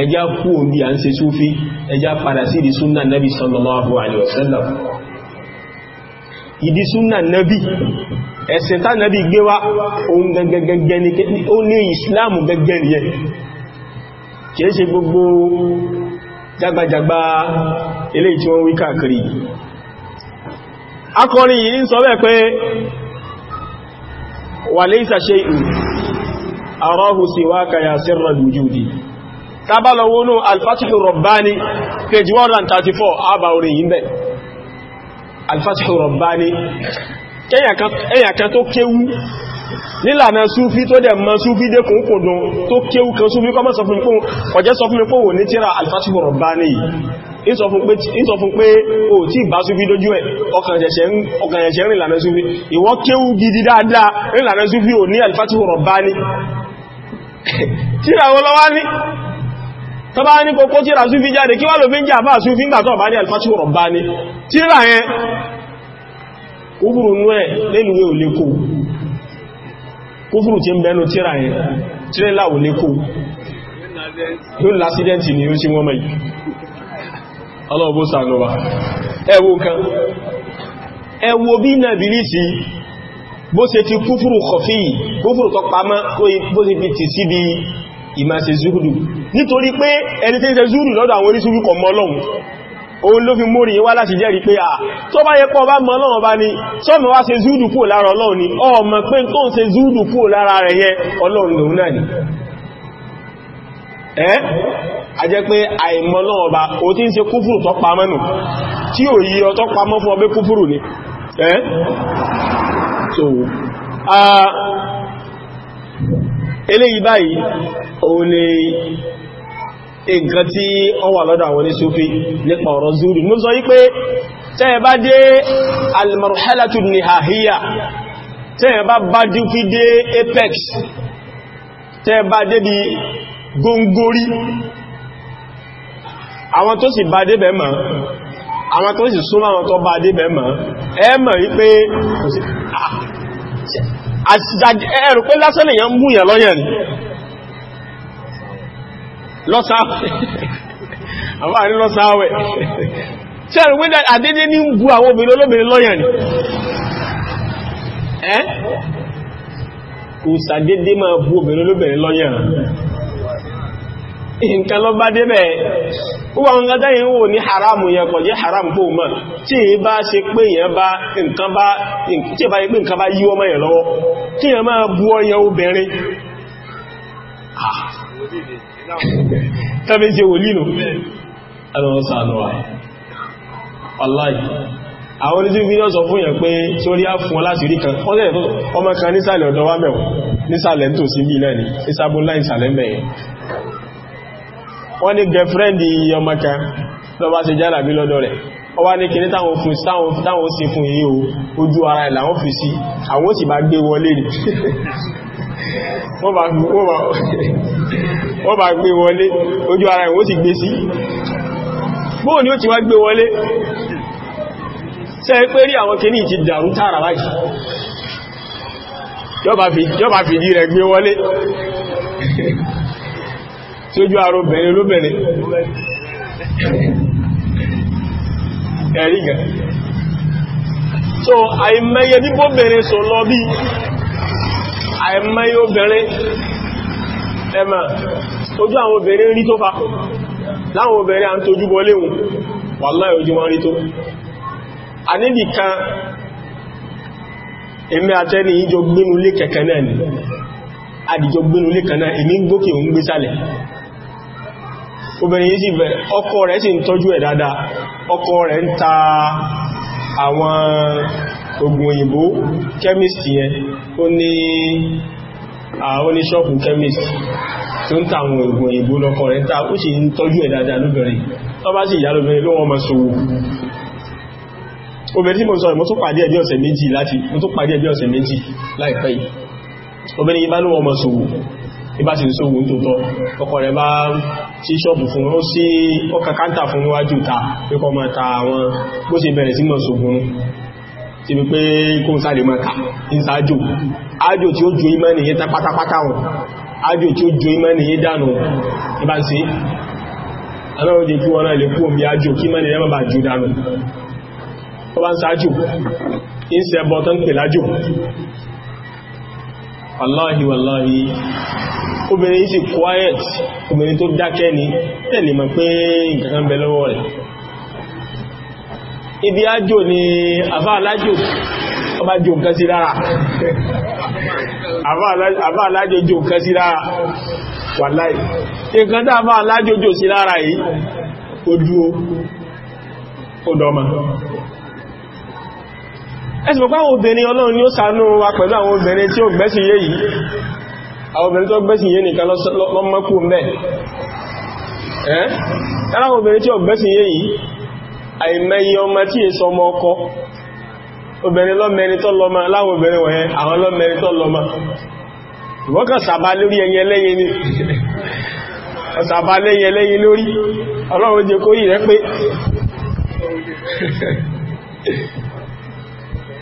S1: ẹjá kú òbí à ń ṣe súfí ẹjá padà sí ìdí súnnà nẹ́bí sallallahu alaihi wasallam ìdí súnnà nẹ́bí ẹ̀sìn tá nẹ́bí gbé wá ohun gẹ́gẹ́gẹ́ ní ó ní ìsìláàmù gẹ́gẹ́ rí ẹ kìí ṣe gbogbo jagbajagba ilé tí tábàlọwónú alfatihu rọ̀báni page 134 àbà orin yìí bẹ̀ alfatihu rọ̀báni ẹ̀yà kan tó kéwú nílànà súfí tó dẹ̀ mọ́ súfí dé kún kò dùn tó kéwú kan súfí kọ́ ọjẹ́ sọ fún mi pé wò ní tíra alfatihu rọ̀báni yìí ìsọ fún pé o tí bá súfí dójú ẹ̀ ọkànjẹ̀ṣẹ̀ rìnlànà súfí ìwọ kéwú gidi dáadáa rìnlànà súfí ò ní alfatihu rọ̀báni tíra wọ́lọ́wá ní tó bá ní kòkó tíra súfí jáde kí wá ló fi ń jẹ́ àfá súfí bá ní alfáṣù rọ̀bá ní tíra yẹn kúfùrù nú ẹ̀ lẹ́lúwẹ́ ò kúfùrù tí ń bẹnu tíra yẹn tírélà ò lékò lásídẹ́ntì ni ó sí wọ́n mẹ́yìn ẹwọ kan ẹwọ bí nàbìrí sí bó ti kúfùrù ìmá ṣe zúrù nítorí pé ẹni tí ń ṣe zúrù lọ́dọ̀ àwọn oníṣúrù kọ̀ mọ́ Ọlọ́run òun ló fi mórí wá láti jẹ́rìí pé à ah, tó bá yẹ pọ̀ bá mọ́ Ọlọ́run bá ní sọ́mọ̀ wá ṣe zúrù kúrò lára Ọlọ́run ni ọmọ pé tó ń ṣe zúrù kúrò lára rẹ̀ yẹn Ọlọ́run lòun náà ni ẹ́ a jẹ́ pé àìmọ́ Ọlọ́run ọba o ti ń ṣe kúfùrù tó pamọ́ nù tí ò yí ọ tó eléyìí báyìí o ni nǹkan tí wọ́n wà lọ́dọ̀ àwọn oníṣúfí nípa ọ̀rọ̀ zúrù mú sọ wípé tẹ́ẹ̀ bá dé almarhalatu nihahiyya tẹ́ẹ̀ bá bá dúkí dé apex tẹ́ẹ̀ bá dé bí góngórí àwọn tó sì bá dé bẹ̀ mọ́ àwọn tó sì súnmọ́ àwọn tó bá dé mọ́ ẹ ẹ̀rù pé lásán lè yàn múyàn lọ́yẹ̀ ni lọ́sáwẹ̀ tí ẹ̀rù lọsa àdédé ní bú àwọn obìnrin olóbìnrin lọ́yẹ̀ ni ẹ́ kò sàdédé máa bú obìnrin olóbìnrin lọ́yẹ̀ lọ wà ń gádá yẹn wò ní haramu yẹn kọ̀ jẹ́ haramu tó mọ̀ tí èyí bá ṣe pé yẹn bá nǹkan bá tí èyí bá ṣe pé nǹkan bá yí ọmọ yẹn lọ́wọ́ kí yẹn máa bú ọyẹn obìnrin ah. tàbí ṣe wòlínú ẹlọ́sàánúwà ọláì àwọn oníjú bí yọ́ sọ fún yẹn pé sórí á fún ọ láti rí kan wọ́n tẹ́lẹ̀ tó ọmọ kan nísàlẹ̀ ọ̀dọ̀ wá mẹ́wọ̀n nísàlẹ̀ tó sí bí náà wọ́n ní girlfriend ọmọ kan lọ́bá ṣe jálà bí lọ́dọ̀ rẹ̀ ó wá ní kìní táwọn fún táwọn sí fún yìí ojú ara ìlà wọ́n fi sí àwọn sì bá gbé wọlé ní wọ́n bá gbé wọlé ojú ara ìwọ́n sì gbé sí bóò ni ó ti wá gbé wọlé ṣe pé rí àwọn kìní ti dàrú tààrà báyìí yọ́bà fìdí rẹ̀ gbé wọlé sójú àrò bẹ̀rẹ̀ olóbẹ̀rẹ̀ ẹ̀rí gan so àìmẹ́yẹ bíbó bẹ̀rẹ̀ sọ lọ bí àìmẹ́yẹ obìnrin ẹ̀mà ojú àwọn rí tó fa láwọn obere à ń tójú bọ́ wà wàláhì ojú wọn rí tó a níbi obìnrin yìí sì bẹ̀rẹ̀ ọkọ rẹ̀ sì ń tọ́jú ẹ̀ dáadáa ọkọ rẹ̀ ń ta àwọn oògùn òyìnbó chemist yẹn ó ní àwọn oníṣọ́ọ̀pù chemist tó ń ta àwọn oògùn òyìnbó lọ́kọ rẹ̀ ta ó sì ń tọ́jú ẹ̀ dáadáa lóbìnrin tó bá sì yá lóbìnrin ló wọ́n mọ́ sówó obìnrin tí mo sọ mo ibá sì ń sóògùn tó tọ́ ọkọ rẹ̀ bá sí ṣọ́pù fún ó sí ọkà káńtà fún níwájú ta pẹ́kọ́ ma ta àwọn bó sì bẹ̀rẹ̀ sí mọ̀ sóògùn ti bí pé kó ń sáré mọ́ta ń sáájò ájò tí ó ju imẹ́ nìyẹ ta pátápátá wọn ájò tí ó ju imẹ́ nìyẹ dànù ibá ń sí aláwọ̀ jẹ́ kí wọ́n lè kú omi ájò kí mẹ́ nìyẹ bá wallahi wallahi obìnrin sì quiet obìnrin tó dákẹ́ ni tẹ́lẹ̀ mọ̀ pé nǹkan bẹ lọ́wọ́ rẹ̀ ibi ájò ni àfá alájò ọba jò nǹkan sí lára àfá alájò jò nǹkan sí lára wallahi nǹkan tá àfá alájò jò sí lára yìí ó dúó ẹsì mọ̀pá àwọn obìnrin ọlọ́run ni ó ṣàánú wa pẹ̀lú àwọn obìnrin tí ó gbẹ́sìn yé yìí àwọn obìnrin tó gbẹ́sìn yé nìkan lọ́mọ́kú mẹ́ ẹ́ láwọn obìnrin tí ó gbẹ́sìn yé yìí àìmẹ́yẹ ọmọ tí è sọmọ ọkọ lẹ́yìn lẹ́yìn lórí ọlọ́run kó yìí pé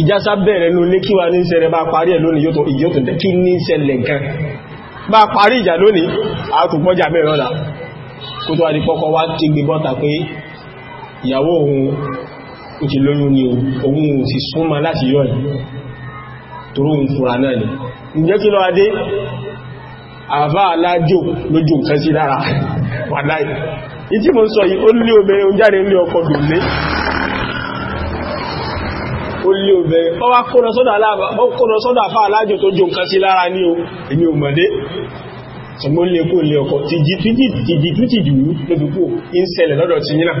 S1: ìjásá bẹ̀rẹ̀ ló lé kíwà ní ṣẹlẹ̀ bá parí ẹ̀ lónìí yóò tó kí ní ṣẹlẹ̀ nǹkan bá parí ìjà lónìí àtùpọ̀jà mẹ́rin ọ̀la kó tó wà ní pọ́kọ́ wá ti gbé bọ́ta pé ìyàwó òun ó ti lóyún ni òun ò sì súnmọ́ láti yọ́ ẹ̀ toró ń fura ìtí mo ń sọ yìí ó lé obìnrin oúnjẹ́ rẹ̀ ń ọkọ̀ dùn lé ó lé obìnrin ọ wá kóná sọ́dọ̀ àfá alájò tó jò nǹkan sí lára ní o èmi ò mọ̀dé ṣùgbọ́n lè kó lè ọkọ̀ tìjìtú tìjù lóbìkú ń ṣẹlẹ̀ lọ́dọ̀ ti yínà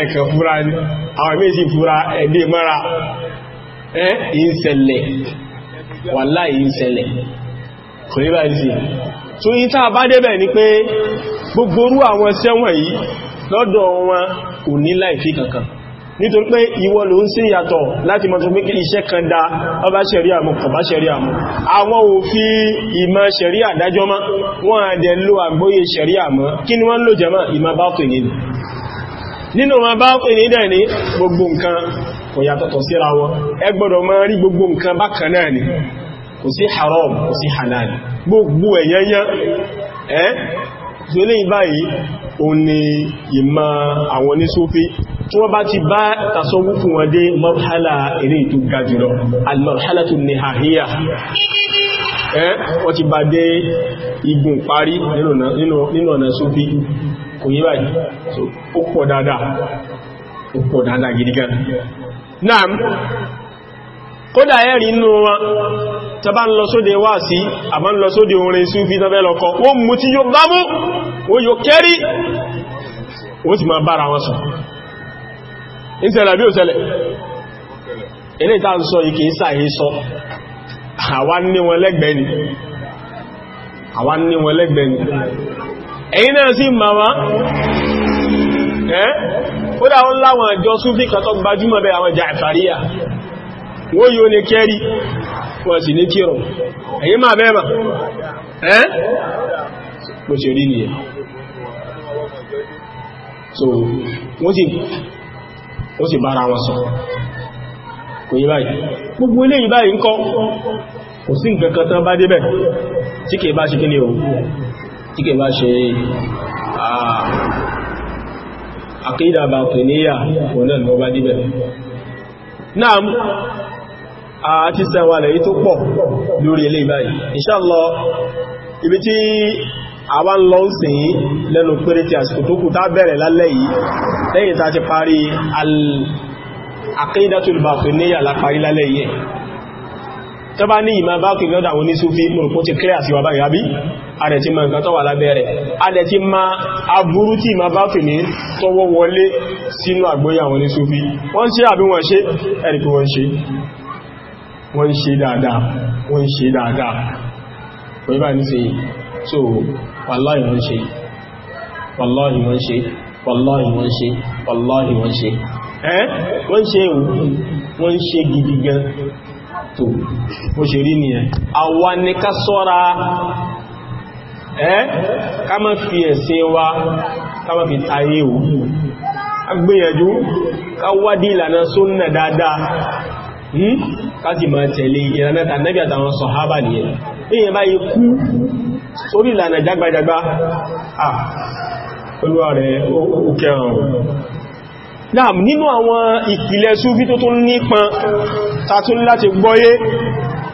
S1: ẹ̀kẹ̀ fúra ní àwọn méjì fúra ẹ̀dẹ́ mara ẹ́ ń ṣẹlẹ̀ wàláhì ń ṣẹlẹ̀ kò ní lọ́dọ̀ wọn kò ní láìfí kankan nítorí pé ìwọ ló ń sí ìyàtọ̀ láti mọ̀ tó pé kí iṣẹ́ kan dá ọba ṣẹ̀ríà mú kọ̀bá ṣẹ̀ríà mú àwọn òfin ìmọ̀ ṣẹ̀ríà dájọ́ mọ́ wọ́n àdẹ̀ lo àgbóyè ṣẹ̀ríà mọ́ kí ni wọ́n lò jẹ́mọ́ ìmọ̀ bá pè ní nínú ma bá pè ní dẹ̀ ní gbogbo nǹkan kò yàtọ̀tọ̀ síra wọn ẹ máa rí gbogbo nǹkan bákan náà ni kò sí haram kò sí halal gbogbo ẹ̀yẹnyẹ ẹ́ tó lè báyìí òun ni ìmọ̀ àwọn onísúfí tí wọ́n bá ti bá tàṣọ́wú fún wọn dé marhala eré tó ga jùlọ al-marhala tó ní àhíyà ẹ́ wọ́n ti bá dé igun parí nínú ọ̀nà sófí kò yí báyìí ó pọ̀ dáadáa ó pọ̀ dáadáa gidi gan naam kódà ẹ̀rí inú wọn tó bá ń lọ sóde wá sí àbá ń lọ sóde orin sófí tó lọ́kọ́ wọ́n mú tí yóò gbámú wọ́n yóò kẹ́rí ó sì máa bára wọn sọ ìṣẹ̀lẹ̀ bí ò ṣẹlẹ̀ ilé ìta ń sọ ìkè ìsàyè sọ àwọn ní lẹ́gbẹ̀ẹ́ ni àwọn ní wọn lẹ́gbẹ̀ẹ́ ni ẹ̀yìn náà sí màmá ẹ́ ó dáwọn láwọn àjọ súnfí kan tó gbajúmọ̀ bẹ àwọn jàfàríyà wọ́n yóò ní kẹ́rí wọ́n sì ní kírùn ẹ̀yìn máa bẹ́ẹ̀ mà so wọ́n ó sì bára wọn sọ kò yí báyìí gbogbo ilé yìí báyìí ń kọ́ kò sí nǹkan kan tán bá débẹ̀ tí kìí bá ṣe kí ní tí kìí bá ṣe àkídàbà bàtíníyà òun náà lọ bá débẹ̀ náà àti tó pọ̀ lórí ibi tí àwa ń lọ ń sìn yí lẹ́nu péré ti àsìkò tó kù tá bẹ̀rẹ̀ lálẹ́ yìí lẹ́yìn tá ti parí al-aqidatul batiniyya la parí lálẹ́ yìí tó bá ní ìmá bá kìí lọ́dà wọn ní súfí mọ̀rùpọ̀ ti kílẹ̀ àti wàbá ìrábí ààrẹ ti ma nǹkan tó wà lábẹ́rẹ̀ ààrẹ ti ma aburú tí ìmá bá kìí ní tọwọ́ wọlé sínú àgbóyà wọn ní súfí wọ́n ṣe àbí wọ́n ṣe ẹ̀rì pé wọ́n ṣe wọ́n ṣe ṣe dáadáa wàláhì wọ́n ṣe wàláhì wọ́n ṣe wàláhì wọ́n ṣe wàláhì wọ́n ṣe ẹ́ wọ́n ṣe wọ́n ṣe gidi gan tó ó ṣe rí ni ẹ̀ sọ́ra ẹ́ ká fi ẹ̀sìn wa ká má fi tayé o a gbìyànjú ká wádìí ìlànà súnnà dáadáa hmm? ká sì máa tẹ̀lé ìlànà tàbí àtàwọn sọ̀hábà nìyẹn sórí ìlànà jágbàjágbà ah olúwa rẹ̀ ó kẹràn náà nínú àwọn ìpìlẹ̀ súfí tó tún nípan tàtún láti gbọ́yé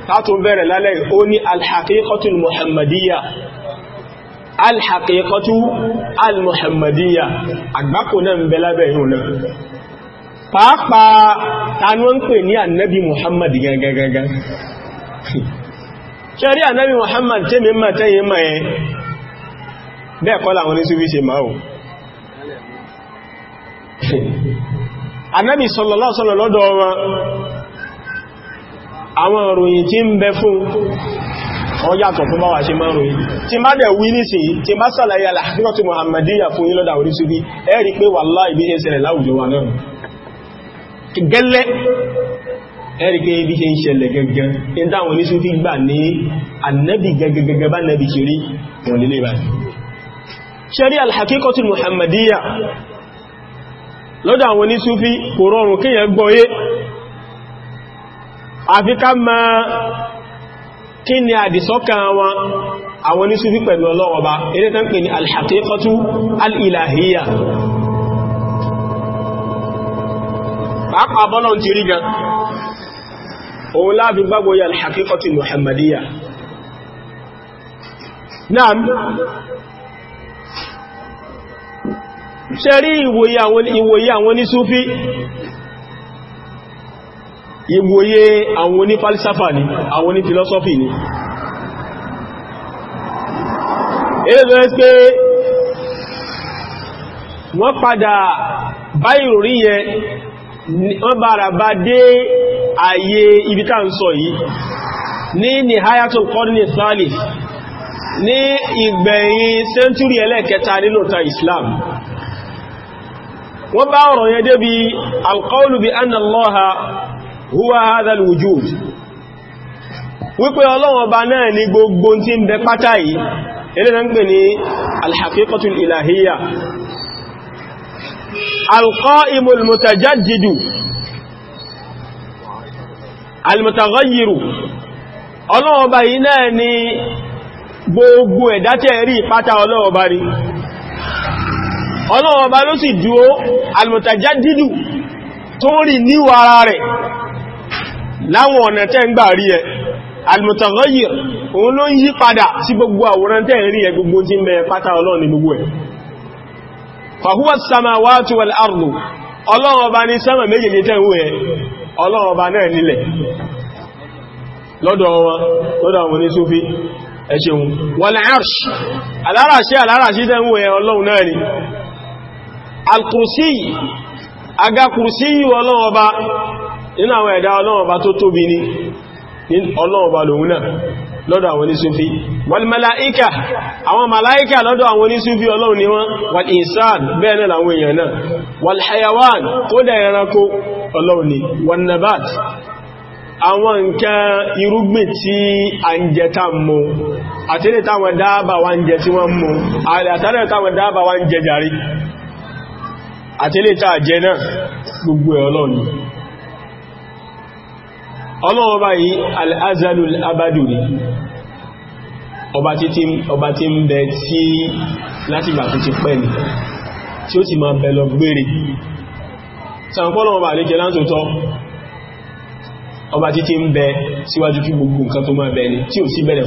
S1: tàtún bẹ̀rẹ̀ lálẹ́ ó ní alhaqiqatul muhammadiyya alhaqiqatu almuhammadiyya àgbákò náà ń bẹ lábẹ́ ìhùn náà pàápàá ṣẹ́rí ànábì Muhammad tẹ́mi ma tẹ́yìn ma ẹ bẹ́ẹ̀ kọ́ làwọn ní súfí ṣe máa o wọn àwọn òròyìn tí ń bẹ fún wọ́n yàtọ̀ fún báwà ṣe máa ròyìn tí dẹ̀ wí ní sí tí sàlàyé aláàkíkọ́tí Muhammadiyya fún yí orí súfí ẹ rí pé wallahi bí ṣe ẹ́rìkẹ́ ibi ṣe ń ṣẹlẹ̀ gẹ́gẹ́ in táwọn oníṣú fi gbà ní annabi gẹ́gẹ́gẹ́gẹ́ bá nabi ṣe rí wọn lè bá ṣẹ́rí alhakikotul muhammadiyya lọ́dọ̀ àwọn oníṣú fi kò rọrùn kíyàn gbọ́yé àfi ká ma kí ni àdìsọ́kàn wọn àwọn oníṣú fi pẹ̀lú ọlọ́wọ́ba eré tán pè ní alhakikotul al'ilahiyya pàápàá bọ́lọ̀ ń ti rí gan òun láàbí ya yà alhakikọtì muhammadiyya náà ṣe rí ìwòye àwọn ní súfí ìwòye àwọn ní falsafa ni àwọn filosofi ni èdè ẹ́ wọ́n padà báyìí rí yẹn wọ́n ayé ibi tá ń sọ yìí ní nihayatul qarni thalith ní ìgbẹ̀yìn sẹ́ntúrì ẹlẹ́kẹta nínú ta islam wọ́n bá ọ̀rọ̀ yẹn débi alqawlu bi anna allaha huwa hadha alwujud wípé ọlọ́wọ́ bá náà ní gbogbo tí ń bẹ pátá yìí ilẹ̀ ń mutajaddidu alìmọ̀tàgọ́yìrù ọlọ́ọ̀bá yìí náà ni gbogbo ẹ̀dá tẹ́ rí pátá ọlọ́ọ̀bá rí ọlọ́ọ̀bá ló sì dúó alìmọ̀tàjá dídù tó rí níwà ara rẹ̀ láwọn ọ̀nà tẹ́ ń gbà rí ẹ alìmọ̀tàgọ́yìrù òun ló ń yí padà sí gbogbo àwòrán tẹ́ rí ẹ ọlọ́ọba ọba náà nílẹ̀ lọ́dọ̀ wọn lọ́dọ̀ ní súfí ẹ̀ṣẹ̀un wal arsh aláràṣí ń náà ni al-kursi ọlọ́ọba nínú àwọn ẹ̀dá ọlọ́ọba tó tóbi ní ọlọ́run náà lọ́dọ̀ àwọn onísúfí wal mala'ika àwọn mala'ika lọ́dọ̀ àwọn onísúfí ọlọ́run ni wọ́n wal insan bẹ́ẹ̀ náà àwọn èèyàn náà wal hayawan tó dẹ̀ ẹranko ọlọ́run ni wan nabat àwọn nǹkan irúgbìn tí a ń jẹ tá mú àti ní táwọn dáàbà wá ń jẹ tí wọ́n mú àtàrẹ táwọn dáàbà wá ń jẹ jàrí àti ní tàà jẹ náà gbogbo ẹ̀ ọlọ́run ọlọ́wọ́ báyìí al'azalul abadu ni ọba tí ń bẹ tí láti gbà tó ti pẹ́ ni tí ó ti máa bẹ lọ gbére sàǹkọ́lọ́wọ́ bá lè kẹ láńtòótọ́ ọba tí ti ń bẹ síwájú kí gbogbo nǹkan tó máa bẹ ni tí ò sí bẹ̀rẹ̀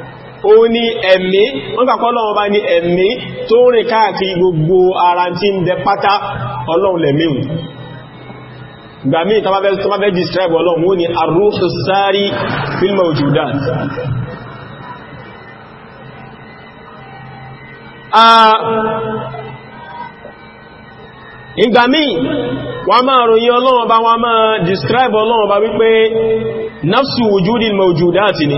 S1: ó ní ẹ̀mí wọ́n gbà pé bá ní ẹ̀mí tó rìn gbogbo ara tí ń bẹ pátá Ọlọ́run lẹ̀míhùn gbàmí tọ́bàbẹ́ describe Ọlọ́run ó ní arúhù sáàrí fil mawjudat ìgbà míì máa ròyìn Ọlọ́run bá wọ́n máa describe Ọlọ́run bá wípé nafsu wujudil mawjudati ni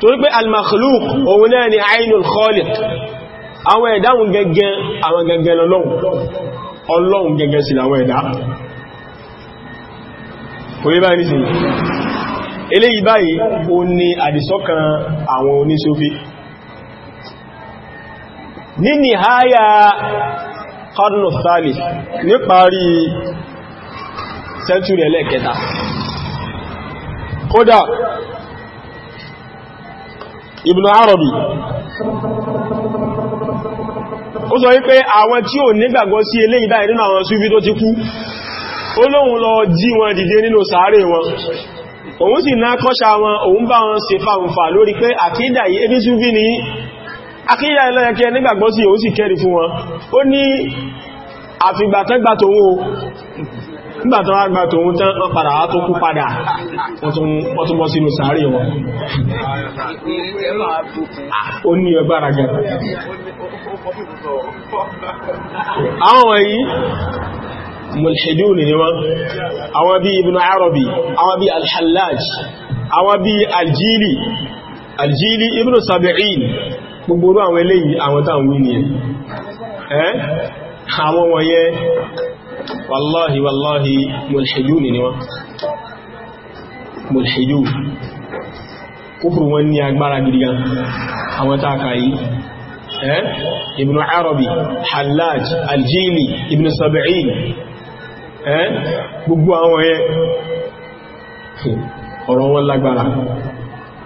S1: torí pé al-makhluq òun náà ni ainul khaliq àwọn ẹ̀dáhùn gẹ́gẹ́ àwọn gẹ́gẹ́ lọ́lọ́hùn ọlọ́hùn gẹ́gẹ́ sí àwọn ẹ̀dá kò yí báyìí sí eléyìí báyìí ó ní àdìsọ́kan àwọn oníṣòfí ní nìháyà qarnu thalith níparí sẹ́ntúrì ẹlẹ́kẹta Ibn Arabi ó sọ wípé àwọn tí ò nígbàgbọ́ sí eléyìí báyìí nínú àwọn Súfí tó ti kú ó lóhun lọ jí wọn dìde nínú sàárè wọn òun sì náà kọ́ṣà wọn òun bá wọn ṣe fàǹfà lórí pé àkídà yìí ebi Súfí ní àkídà ilẹ́yẹkẹ́ nígbàgbọ́ sí òun sì kẹ́rì fún wọn ó ní àfìgbàtẹ́gbà tòun nígbà tó wá gba tòun tán wọ́n padà wá tó kú padà wọ́n tún bọ́ sínú sàárè wọn
S2: ó ní ẹgbára gan
S1: àwọn wọ̀nyí mulhidun ni wọ́n àwọn bí ibn arabi àwọn bí alhallaj àwọn bí aljili aljili ibn sabi'in gbogbo àwọn eléyìí àwọn táwọn wí ni ẹ̀ àwọn wọ̀nyẹ wàláhì wàláhì mọ̀lṣẹ̀yú ni ni wọ́n mọ̀lṣẹ̀yú kúfùrù wọn ní agbára gidigan àwọn tààkà yìí eh ibn arabi hallaj aljili ibn sabi'in eh gbogbo àwọn yẹn ọ̀rọ̀ wọn lágbára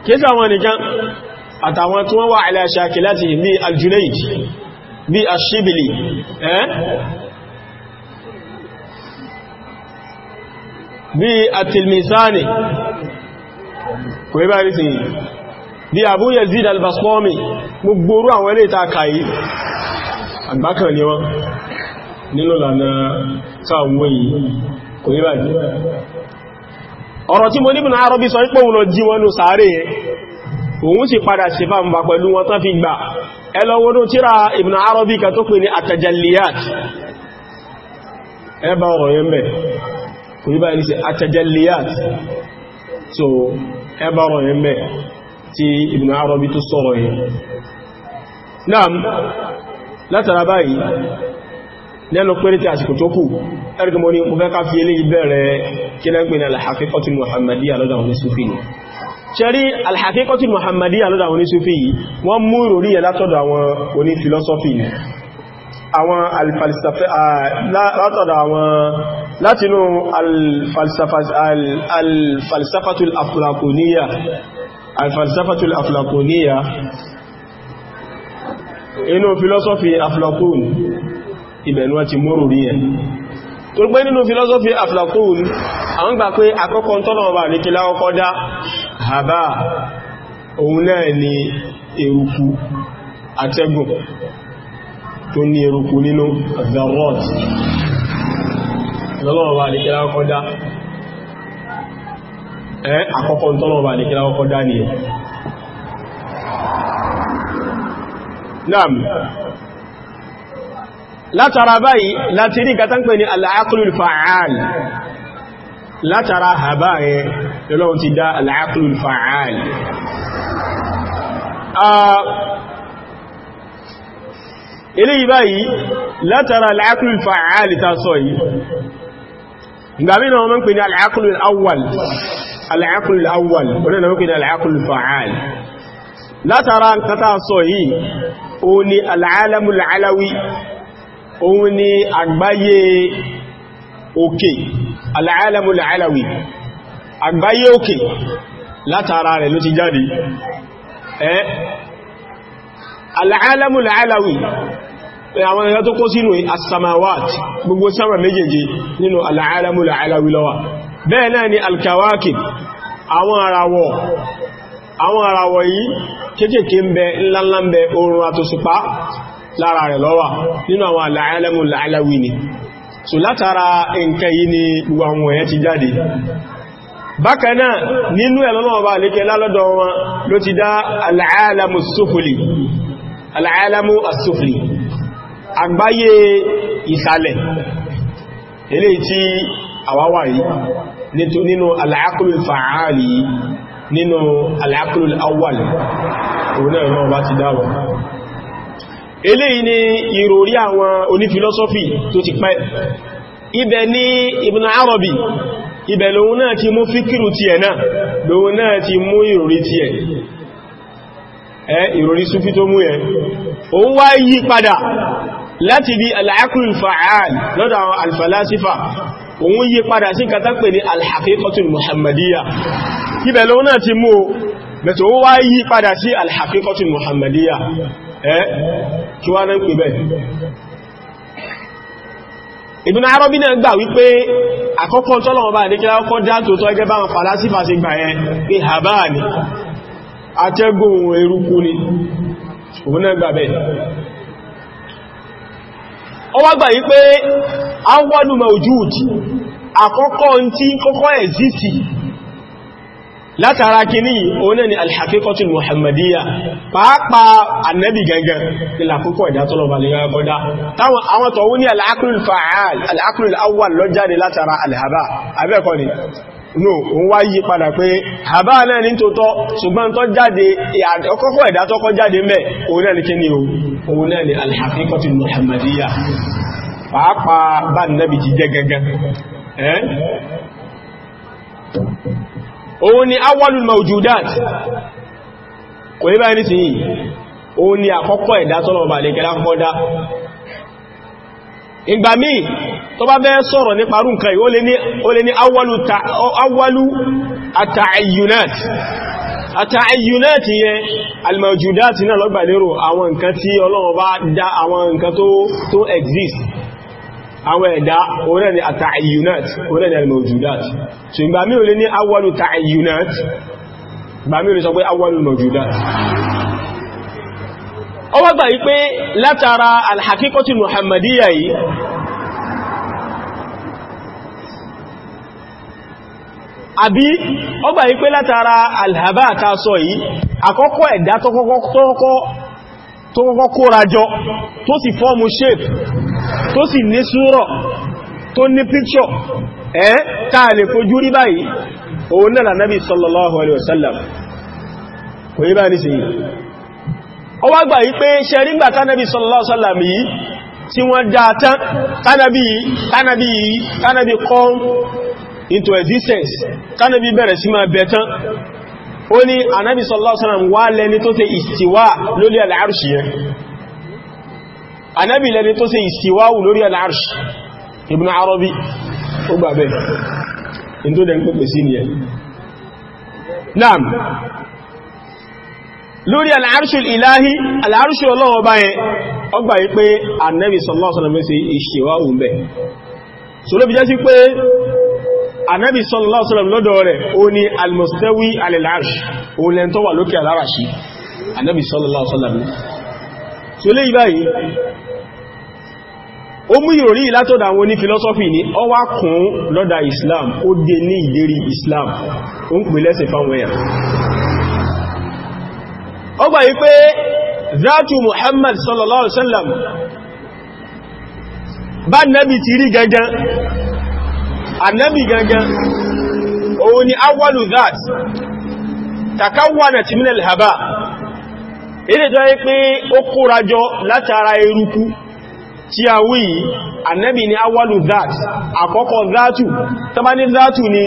S1: kéèsà wọn nìkan àtàwọn tí wọ́n wà aláṣàkì láti bí aljunaid bí ashibili eh bí àtìlmìsáni kò yí bá rí sí bí Abu Yazid al-Bastami gbogbo orú àwọn ilé ìtaka yìí àgbákan ni wọ́n nínú lànà sáwọn yìí kò yí bá rí ọ̀rọ̀ tí mo níbùn àárọ̀ bí sọ ipò wọn jí wọn ló sàárè yẹn òun sì padà sí fàmbà pẹ̀lú wọn tán fi gbà ẹlọ́wọ́dún tíra Ibn Arabi kan tó pè ní àtàjàlìyàt ẹbá ọ̀rọ̀ yẹn bẹ̀ kò yíba ní sí àtẹjẹliyat so ẹbàrọ̀ ẹ̀mẹ́ tí Ibn Arabi tó sọ̀rọ̀ yìí náà látara báyìí lẹ́nu pẹ́rẹ́ tí àsìkò tó kù ẹgbẹ̀mọ́ ni mo fẹ́ ká fi ilé ìbẹ̀rẹ̀ kí lẹ́gbẹ̀ ní alhakikotin muhammadiyya lọ́dọ̀ àwọn onísúfì ni ṣẹ́rí alhakikotin muhammadiyya lọ́dọ̀ àwọn onísúfì yìí wọ́n mú ìròrí yẹ látọ̀dọ̀ àwọn oní látọ̀dọ̀ àwọn látinú alfalsafatul aflakoniya alfalsafatul aflakoniya inú filosofi aflakon ìbẹ̀nu àti mọ́rù rí ẹ̀ tó gbé nínú filosofi aflakon àwọn gbà pé àkọ́kọ́ tọ́lọ̀ọba ní kí láwọ́kọ́ dá haba òun náà ni eruku atẹ́gùn tó ní eruku nínú zarot lọ́lọ́wọ́ bá lè kíra ọkọ̀ dá ẹ́ àkọ́kọ́ tọ́lọ́wọ́ bá lè kíra ọkọ̀ dá ni naam látara báyìí láti rí gata ń pè ní al fa'al látara àbá rẹ̀ lọ́lọ́wọ́ ti dá al-aqlul fa'al eléyìí báyìí látara al fa'al ta sọ yìí ìgbàmínà wọn mọ́n pè ní al'akulul awwal al'akulul awwal wọn náà mọ́n pè ní al'akulul fa'al látara nǹkan tá sọ yìí o ni al'alamul alawi o ni àgbáyé òkè al'alamul alawi àgbáyé òkè látara rẹ̀ ló ti jáde eh al'alamul alawi Eh, àwọn ẹ̀yà tó kó sínú as-samawat gbogbo sama méjèèjì nínú al-alamul alawi ló wà bẹ́ẹ̀ náà ni al-kawakib àwọn àràwọ̀ àwọn àràwọ̀ yìí kéèkéèké ń bẹ ńláńlá ń bẹ oòrùn àtòṣùpá lára rẹ̀ ló wà nínú àwọn al-alamul alawi ni so látara nǹkan yìí ni gbogbo àwọn ẹ̀yà ti jáde bákanáà nínú ẹ̀lọ́lọ́wọ́ alékẹ́ as-sufli àgbáyé ìsàlẹ̀ eléyìí tí àwáwà yìí nínú al-aqlu al n'inu nínú al-aqlu al-awwal òun náà ìwọ̀n bá ti dáwọ̀ eléyìí ni ìròrí àwọn onífilọ́sọ́fì tó ti pẹ́ ibẹ̀ ni Ibn Arabi ibẹ̀ lòun náà ti mú fikiru ti ẹ̀ náà lòun náà ti mú ìròrí ti ẹ̀ ẹ̀ ìròrí súfí tó mú ẹ̀ òun wá yí padà láti bí al-aqlul fa'al lọ́dọ̀ àwọn alfalasifa òun yí padà sí kata pè ní al-haqiqatul muhammadiyya ibẹ̀ lọ́wọ́ náà ti mú mẹ́tò ó wá yí padà sí al-haqiqatul muhammadiyya ẹ́ kí wá náà pè bẹ́ Ibn Arabi náà gbà wípé àkọ́kọ́ tọ́lọ̀wọ́ atẹ́gùn eruku ni òun náà gbà ó wá gbà yí pé awwalu mawjud àkọ́kọ́ tí kọ́kọ́ ẹ̀zìsì látara kìíní oní ni alhaqiqatul muhammadiyya pàápàá annabi gangan ilẹ̀ àkókò ìdá tó lọ́bà lẹ́yìn ọgọ́dá táwọn àwọn tọ̀wọ́ ní al fa'al al awwal lọ jáde látara alhaba abẹ́ẹ̀kọ́ ni no òun wá yí padà pé àbá náà ní tótọ́ ṣùgbọ́n tó jáde ọkọ́kọ́ ẹ̀dá tọ́kọ́ jáde mẹ́ òun náà ni kí ni òun náà ní alhaqiqatu muhammadiyya pàápàá bá nẹ́bì ti jẹ́ gẹ́gẹ́ òun ni kò ní ni ìgbà míì tó bá bẹ́ sọ̀rọ̀ nípa rú nǹkan yìí ó lè ní awwalu àtààyùnát àtààyùnát yẹn almajudat náà lọ́gbà lérò àwọn nǹkan tí Ọlọ́run bá dá àwọn nǹkan tó exist àwọn ẹ̀dá orílẹ̀ ni àtààyùnát orílẹ̀ ni almajudat so ìgbà míì ó lè ní awwalu tààyùnát ó wá gbà wípé látara alhakikoti muhammadiyya yìí àbí ó gbà wípé látara alhaba ta sọ yìí àkọ́kọ́ ẹ̀dá tó kọ́kọ́ kórajọ tó sì fọ́ọ̀mù shape tó sì ní súrọ̀ tó ní píkṣọ̀ ẹ́ táà lè fojú rí báyìí òun náà lànàbí sallallahu alaihi wasallam kò yí bá ní sí yìí ó wá gbà yí pé ṣẹ̀rí gbà tánàbí sallallahu alaihi wasallam yìí tí wọ́n dáatán tánàbí tánàbí tánàbí come into existence tánàbí bẹ̀rẹ̀ sí máa bẹ̀tán ó ní ànábì sallallahu alaihi wasallam wá lẹ́ni tó ṣe lórí al'arṣul ilahi al'arṣul ọlọ́wọ́ báyẹn ọgbà yí pé annabi sallallahu alaihi wasallam sí ìṣèwà òǹbẹ̀ so ló fi jẹ́ sí pé annabi sallallahu alaihi wasallam lọ́dọ̀ rẹ̀ ó ní almustawi al'arṣ olè tó wà lókè al'arṣi annabi sallallahu alaihi wasallam so lè báyìí ó mú ìròrí látọ̀dọ̀ àwọn oní filosofi ní ọwá kún lọ́dà islam ó dé ní ìdérí ó gbà yí pé zátù Muhammad sallallahu alaihi wasallam bá nẹ́bì ti rí gangan annabi gangan òun ni awwalu zat takawwanat min al-haba ilé tó yí pé ó kórajọ látara eruku tí a wí annabi ni awwalu zat àkọ́kọ́ zátù tó bá ní zátù ni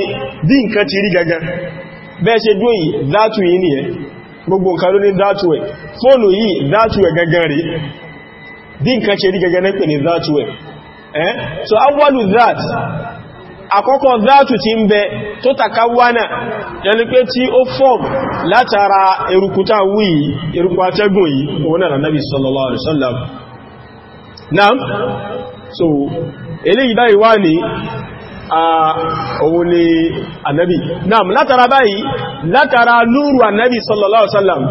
S1: bí nǹkan ti rí gangan bẹ́ẹ̀ ṣe dúó yìí zátù yìí nìyẹn gbogbo nǹkan ló ní dátúwẹ̀ fóònù yìí dátúwẹ̀ gangan rí bí nǹkan ṣe rí so awọ́lù dat àkọ́kọ́ dátù ti ń bẹ tó takawana yẹni pé tí ó fọ́m látara erukuta wí eruku atẹ́gùn yìí òun náà sallallahu alaihi so òun ni ànábì náà látara báyìí látara núrù ànábì sallallahu alaihi wasallam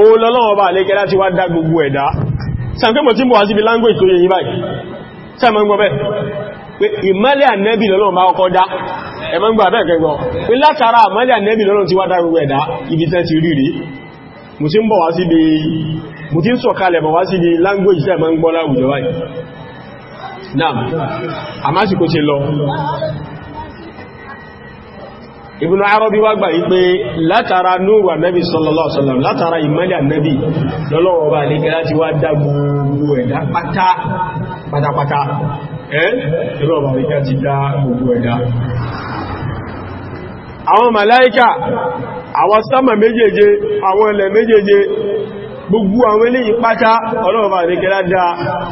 S1: òun lọ́lọ́wọ́ bá lékẹ́ láti wá dá gbogbo ẹ̀dá sàmkẹ́mọ̀ tí mo wá síbi language tó yẹ báyìí sàmọ́ ń gbà bẹ́ẹ̀ mo ti ń sọ kalẹ̀ mọ̀ wá sí di language tẹ́ ma ń gbọ́ láwùjọ báyìí náà àmásìkò ti lọ Ibn Arabi wá gbà wípé látara núrù ànẹ́bì sallallahu alaihi wasallam látara ìmọ́lẹ̀ ànẹ́bì lọ́lọ́wọ́ bá ní kẹ́lá ti wá dá gbogbo ẹ̀dá pátápátá ẹ́ lọ́lọ́wọ́ bá ní kẹ́lá ti dá gbogbo ẹ̀dá àwọn gbogbo àwọn eléyìí pátá ọlọ́ọ̀bá àríkẹ́lá dá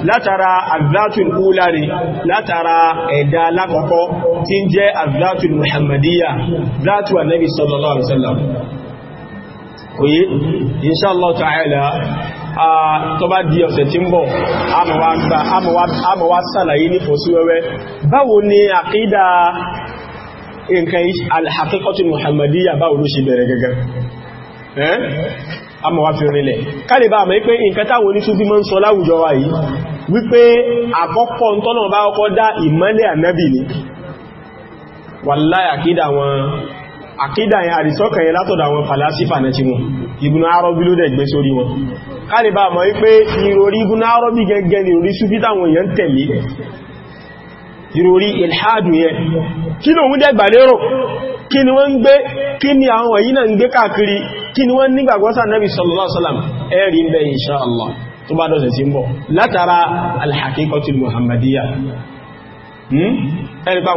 S1: látara azzatul ula ni látara ẹ̀dá alákọ̀ọ́kọ́ tí ń jẹ́ azzatul muhammadiyya zatu annabi sallallahu alaihi wasallam oye ta'ala tó bá di ọ̀sẹ̀ tí ń bọ̀ àmọ̀wá sàlàyé ní fòsíwẹ́wẹ́ báwo ni àkídà nǹkan alhakikọ́tù muhammadiyya báwo ló ṣe bẹ̀rẹ̀ gẹ́gẹ́ amọ̀wà fi rinlẹ̀ kálìbà àmà wípé nǹkan táwọn oníṣúfí mọ́ ń sọ láwùjọ wa yìí wípé àkọ́kọ́ tọ́nà bá ọkọ́ dá ìmọ́lẹ̀ ànábì ni wàláì àkídà wọn àkídà yẹn àdìsọ́kàn yẹn látọ̀dà wọn fàlásífà Arabi ló dẹ̀gbẹ́ sórí wọn kálìbà àmà wípé ìròrí Ibn Arabi gẹ́gẹ́ ni orí ìròrí ìlhádù yẹn kí ló ń dẹ̀ gbà lérò kí ni wọ́n ń gbé kí ni àwọn wọ̀nyí náà ń gbé káàkiri kí ni wọ́n nígbàgbọ́sà nabi sallallahu alaihi wasallam ẹ̀rí bẹ́ insha Allah tó bá dọ̀sẹ̀ sí ń bọ̀ látara alhakikotul muhammadiyya hmm? ẹni bá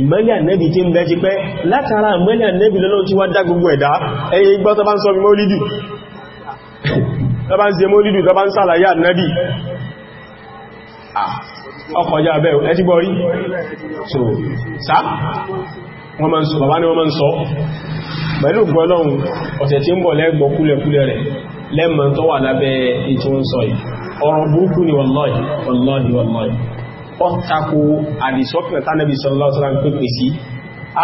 S1: ìmọ́lẹ̀ ànẹ́bì tí ń bẹ ti pẹ́ látara ìmọ́lẹ̀ ànẹ́bì lọ́lọ́run ti wá dá gbogbo ẹ̀dá ẹ̀yẹ igbá tó bá ń sọ mọ́lídù tó bá ń ṣe mọ́lídù tó bá ń sàlàyé ànẹ́bì ah, ọkọ̀já abẹ́ ẹ̀tí gbọ́rí sá wọ́n ma ń sọ bàbá ní wọ́n ma ń sọ pẹ̀lú gbọ́lọ́run ọ̀sẹ̀ tí ń bọ̀ lẹ́gbọ̀ kúlẹ̀kúlẹ̀ rẹ̀ lẹ́mọ̀ tó wà lábẹ́ ètò ń sọ yìí ọ̀rọ̀ burúkú ni wallahi wallahi ọ́tàkó àdìsọ́fẹ́ tánàbí sallallahu alaihi wasallam pépè sí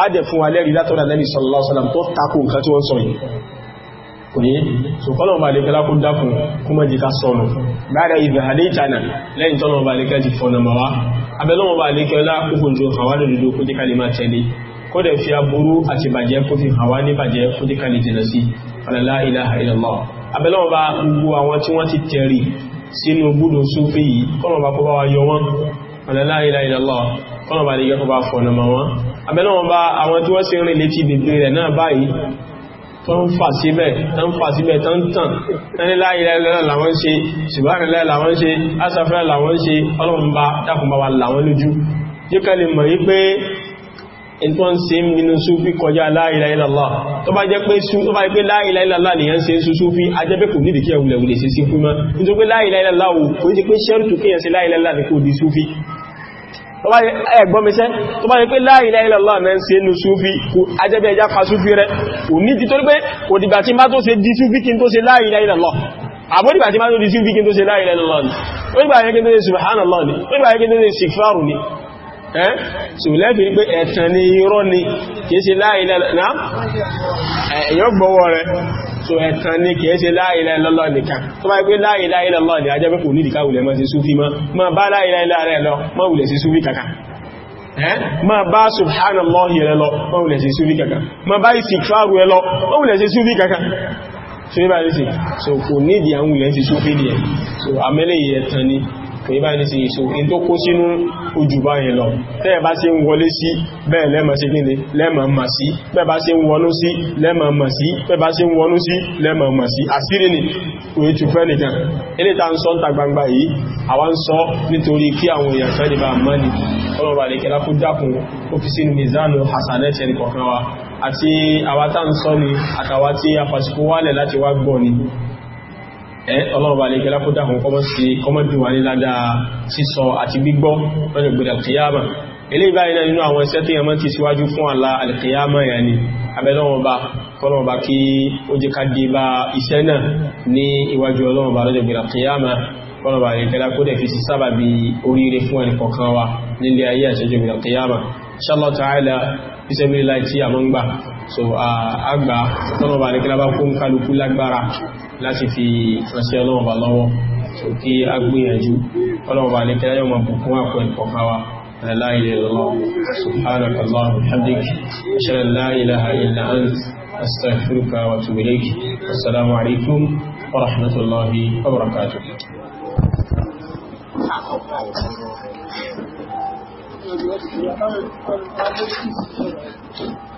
S1: ájẹ̀ fún alẹ́rí látọ́dà nẹ́bí sallallahu alaihi wasallam tó takò nǹkan tí wọ́n sọ yìí kò yí so kọ́lọ̀mù alẹ́kẹ́lá kó dákùn kúmọ̀ jì ká sọ̀nù bára ìbẹ̀ àdéjànà lẹ́yìn tọ́lọ̀mù alẹ́kẹ́ jì fọ́nàmọ́wá abẹ́lọ́mù alẹ́kẹ́lá kúkùn jù hàwá lòdòdó kó díkà lè máa tẹ̀lé kó dẹ̀ fi aburú àti bàjẹ́ kó fi hàwá ní bàjẹ́ kó díkà lè jìnà sí la ilaha illallah abẹ́lọ́mù bá gbogbo àwọn tí wọ́n ti tẹ̀rì sínú gbúdùn súfì yìí kọ́lọ̀mù bá kó bá wa yọ wọn ọ̀lẹ́lá ilá ìlọ́lọ́ kọ́nà bá lè yọ́ bá fọ̀nà ma wọ́n abẹ́nà wọn bá àwọn tí wọ́n sí rìn létí bèbè rẹ̀ náà báyìí tó ń fà síbẹ̀ tó ń fà síbẹ̀ tó ń tàn ẹnilá ilá ìlọ́lọ́ làwọn ṣe ṣùgbọ́nilá làwọn ṣe asafẹ́ làwọn ṣe ọlọ́run bá dákùnbá wa làwọn lójú se nínú súfí kọjá la illallah tó bá jẹ́ pé tó bá jẹ́ pé illallah ni yẹn se ń súfí ajẹ́bẹ́ kò nídìí kí ẹwùlẹ̀wùlẹ̀ sí sí fún mọ́ nítorí pé illallah ò kò ní ti pé ṣẹ́rù tó kíyàn sí illallah ni kò di súfí tó bá yẹ ẹgbọ́mẹsẹ́ tó bá yẹ pé la ilaha illallah mẹ́ ń se nù súfí kò ajẹ́bẹ̀ ẹjá fa súfí rẹ ò ní ti torí pé kò dìgbà tí má tó se di súfí kí n tó se la ilaha illallah àbó dìgbà tí má tó di súfí kí n tó se la ilaha illallah ni ó dìgbà yẹ kí so ẹ̀kan ní kìí ṣe la ilaha illallah nìkan tó bá gbé la ilaha illallah ní ajẹ́ pé kò ní ìdíkà wùlẹ̀ mọ́ sí súfí mọ́ ma bá la ilaha illallah lọ mọ́ wùlẹ̀ sí súfí kàkà ma bá subhanallahi rẹ lọ mọ́ wùlẹ̀ sí súfí kàkà ma bá ìsìkfàrù rẹ lọ mọ́ wùlẹ̀ sí súfí kàkà so ní bá ní sí so kò ní ìdí àwọn wùlẹ̀ sí súfí ni ẹ̀ so amẹ́lẹ̀ yẹ tán ni kìíbá ní sí ìṣò in tó kó sínú ojú báyìí lọ tẹ́ẹ̀ bá ṣe ń wọlé sí bẹ́ẹ̀ lẹ́mọ̀ sí gíní lẹ́mọ̀ mọ̀ sí bẹ́ẹ̀ bá ṣe ń wọnú sí lẹ́mọ̀ mọ̀ sí bẹ́ẹ̀ bá ṣe ń wọnú sí lẹ́mọ̀ mọ̀ sí àṣírí ni òye tù fẹ́ nìkan ilé ta ń sọ ń ta gbangba yìí àwa ń sọ nítorí kí àwọn èèyàn fẹ́ lè bá ọlọ́rọ̀ àlekẹ́lá kó dákun ó fi sínú mizanu hasanẹ́tẹ̀ nìkọ̀ọ̀kan wa àti àwa ń sọ ni àtàwa tí wálẹ̀ láti wá gbọ́ ni ọlọ́rọ̀bà lè gẹ́lá kó dáhùn kọmọ́ sí kọmọ́dún wà ní ládáa sísọ àti gbígbọ́ lọ́nà gbọ́dọ̀ kìyàmà ilé ìbáyìí náà nínú àwọn iṣẹ́ tí yàmọ́ ti síwájú fún àlà alìkìyàmà yà ni abẹ́lọ́wọ́ba kọlọ̀ọ̀bá kí ó jẹ́ ká dé bá iṣẹ́ náà ní iwájú ọlọ́wọ́ba lọ́jọ́ gbọ́dọ̀ kìyàmà kọlọ̀ọ̀bá lè gẹ́lá kó dẹ̀ fi sí sábà bí oríire fún ẹnì kọ̀ọ̀kan wa nílé ayé àṣẹjọ́ gbọ́dọ̀ kìyàmà inshallah ta'ala iṣẹ́ bí láì tí a mọ́ ń so àgbà tọ́lọ̀bà àríkílá bá kún kálukú lágbára láti fi ránṣẹ́ ọlọ́ọ̀bà lọ́wọ́ so kí a gbìyànjú ọlọ́ọ̀bà àríkílá yọ mọ̀ kún àpọ̀ ìpọ̀ká wa la ilaha illallah subhanaka allahumma wa bihamdika ashhadu la ilaha illa anta astaghfiruka wa atubu assalamu alaikum wa rahmatullahi
S2: Thank you.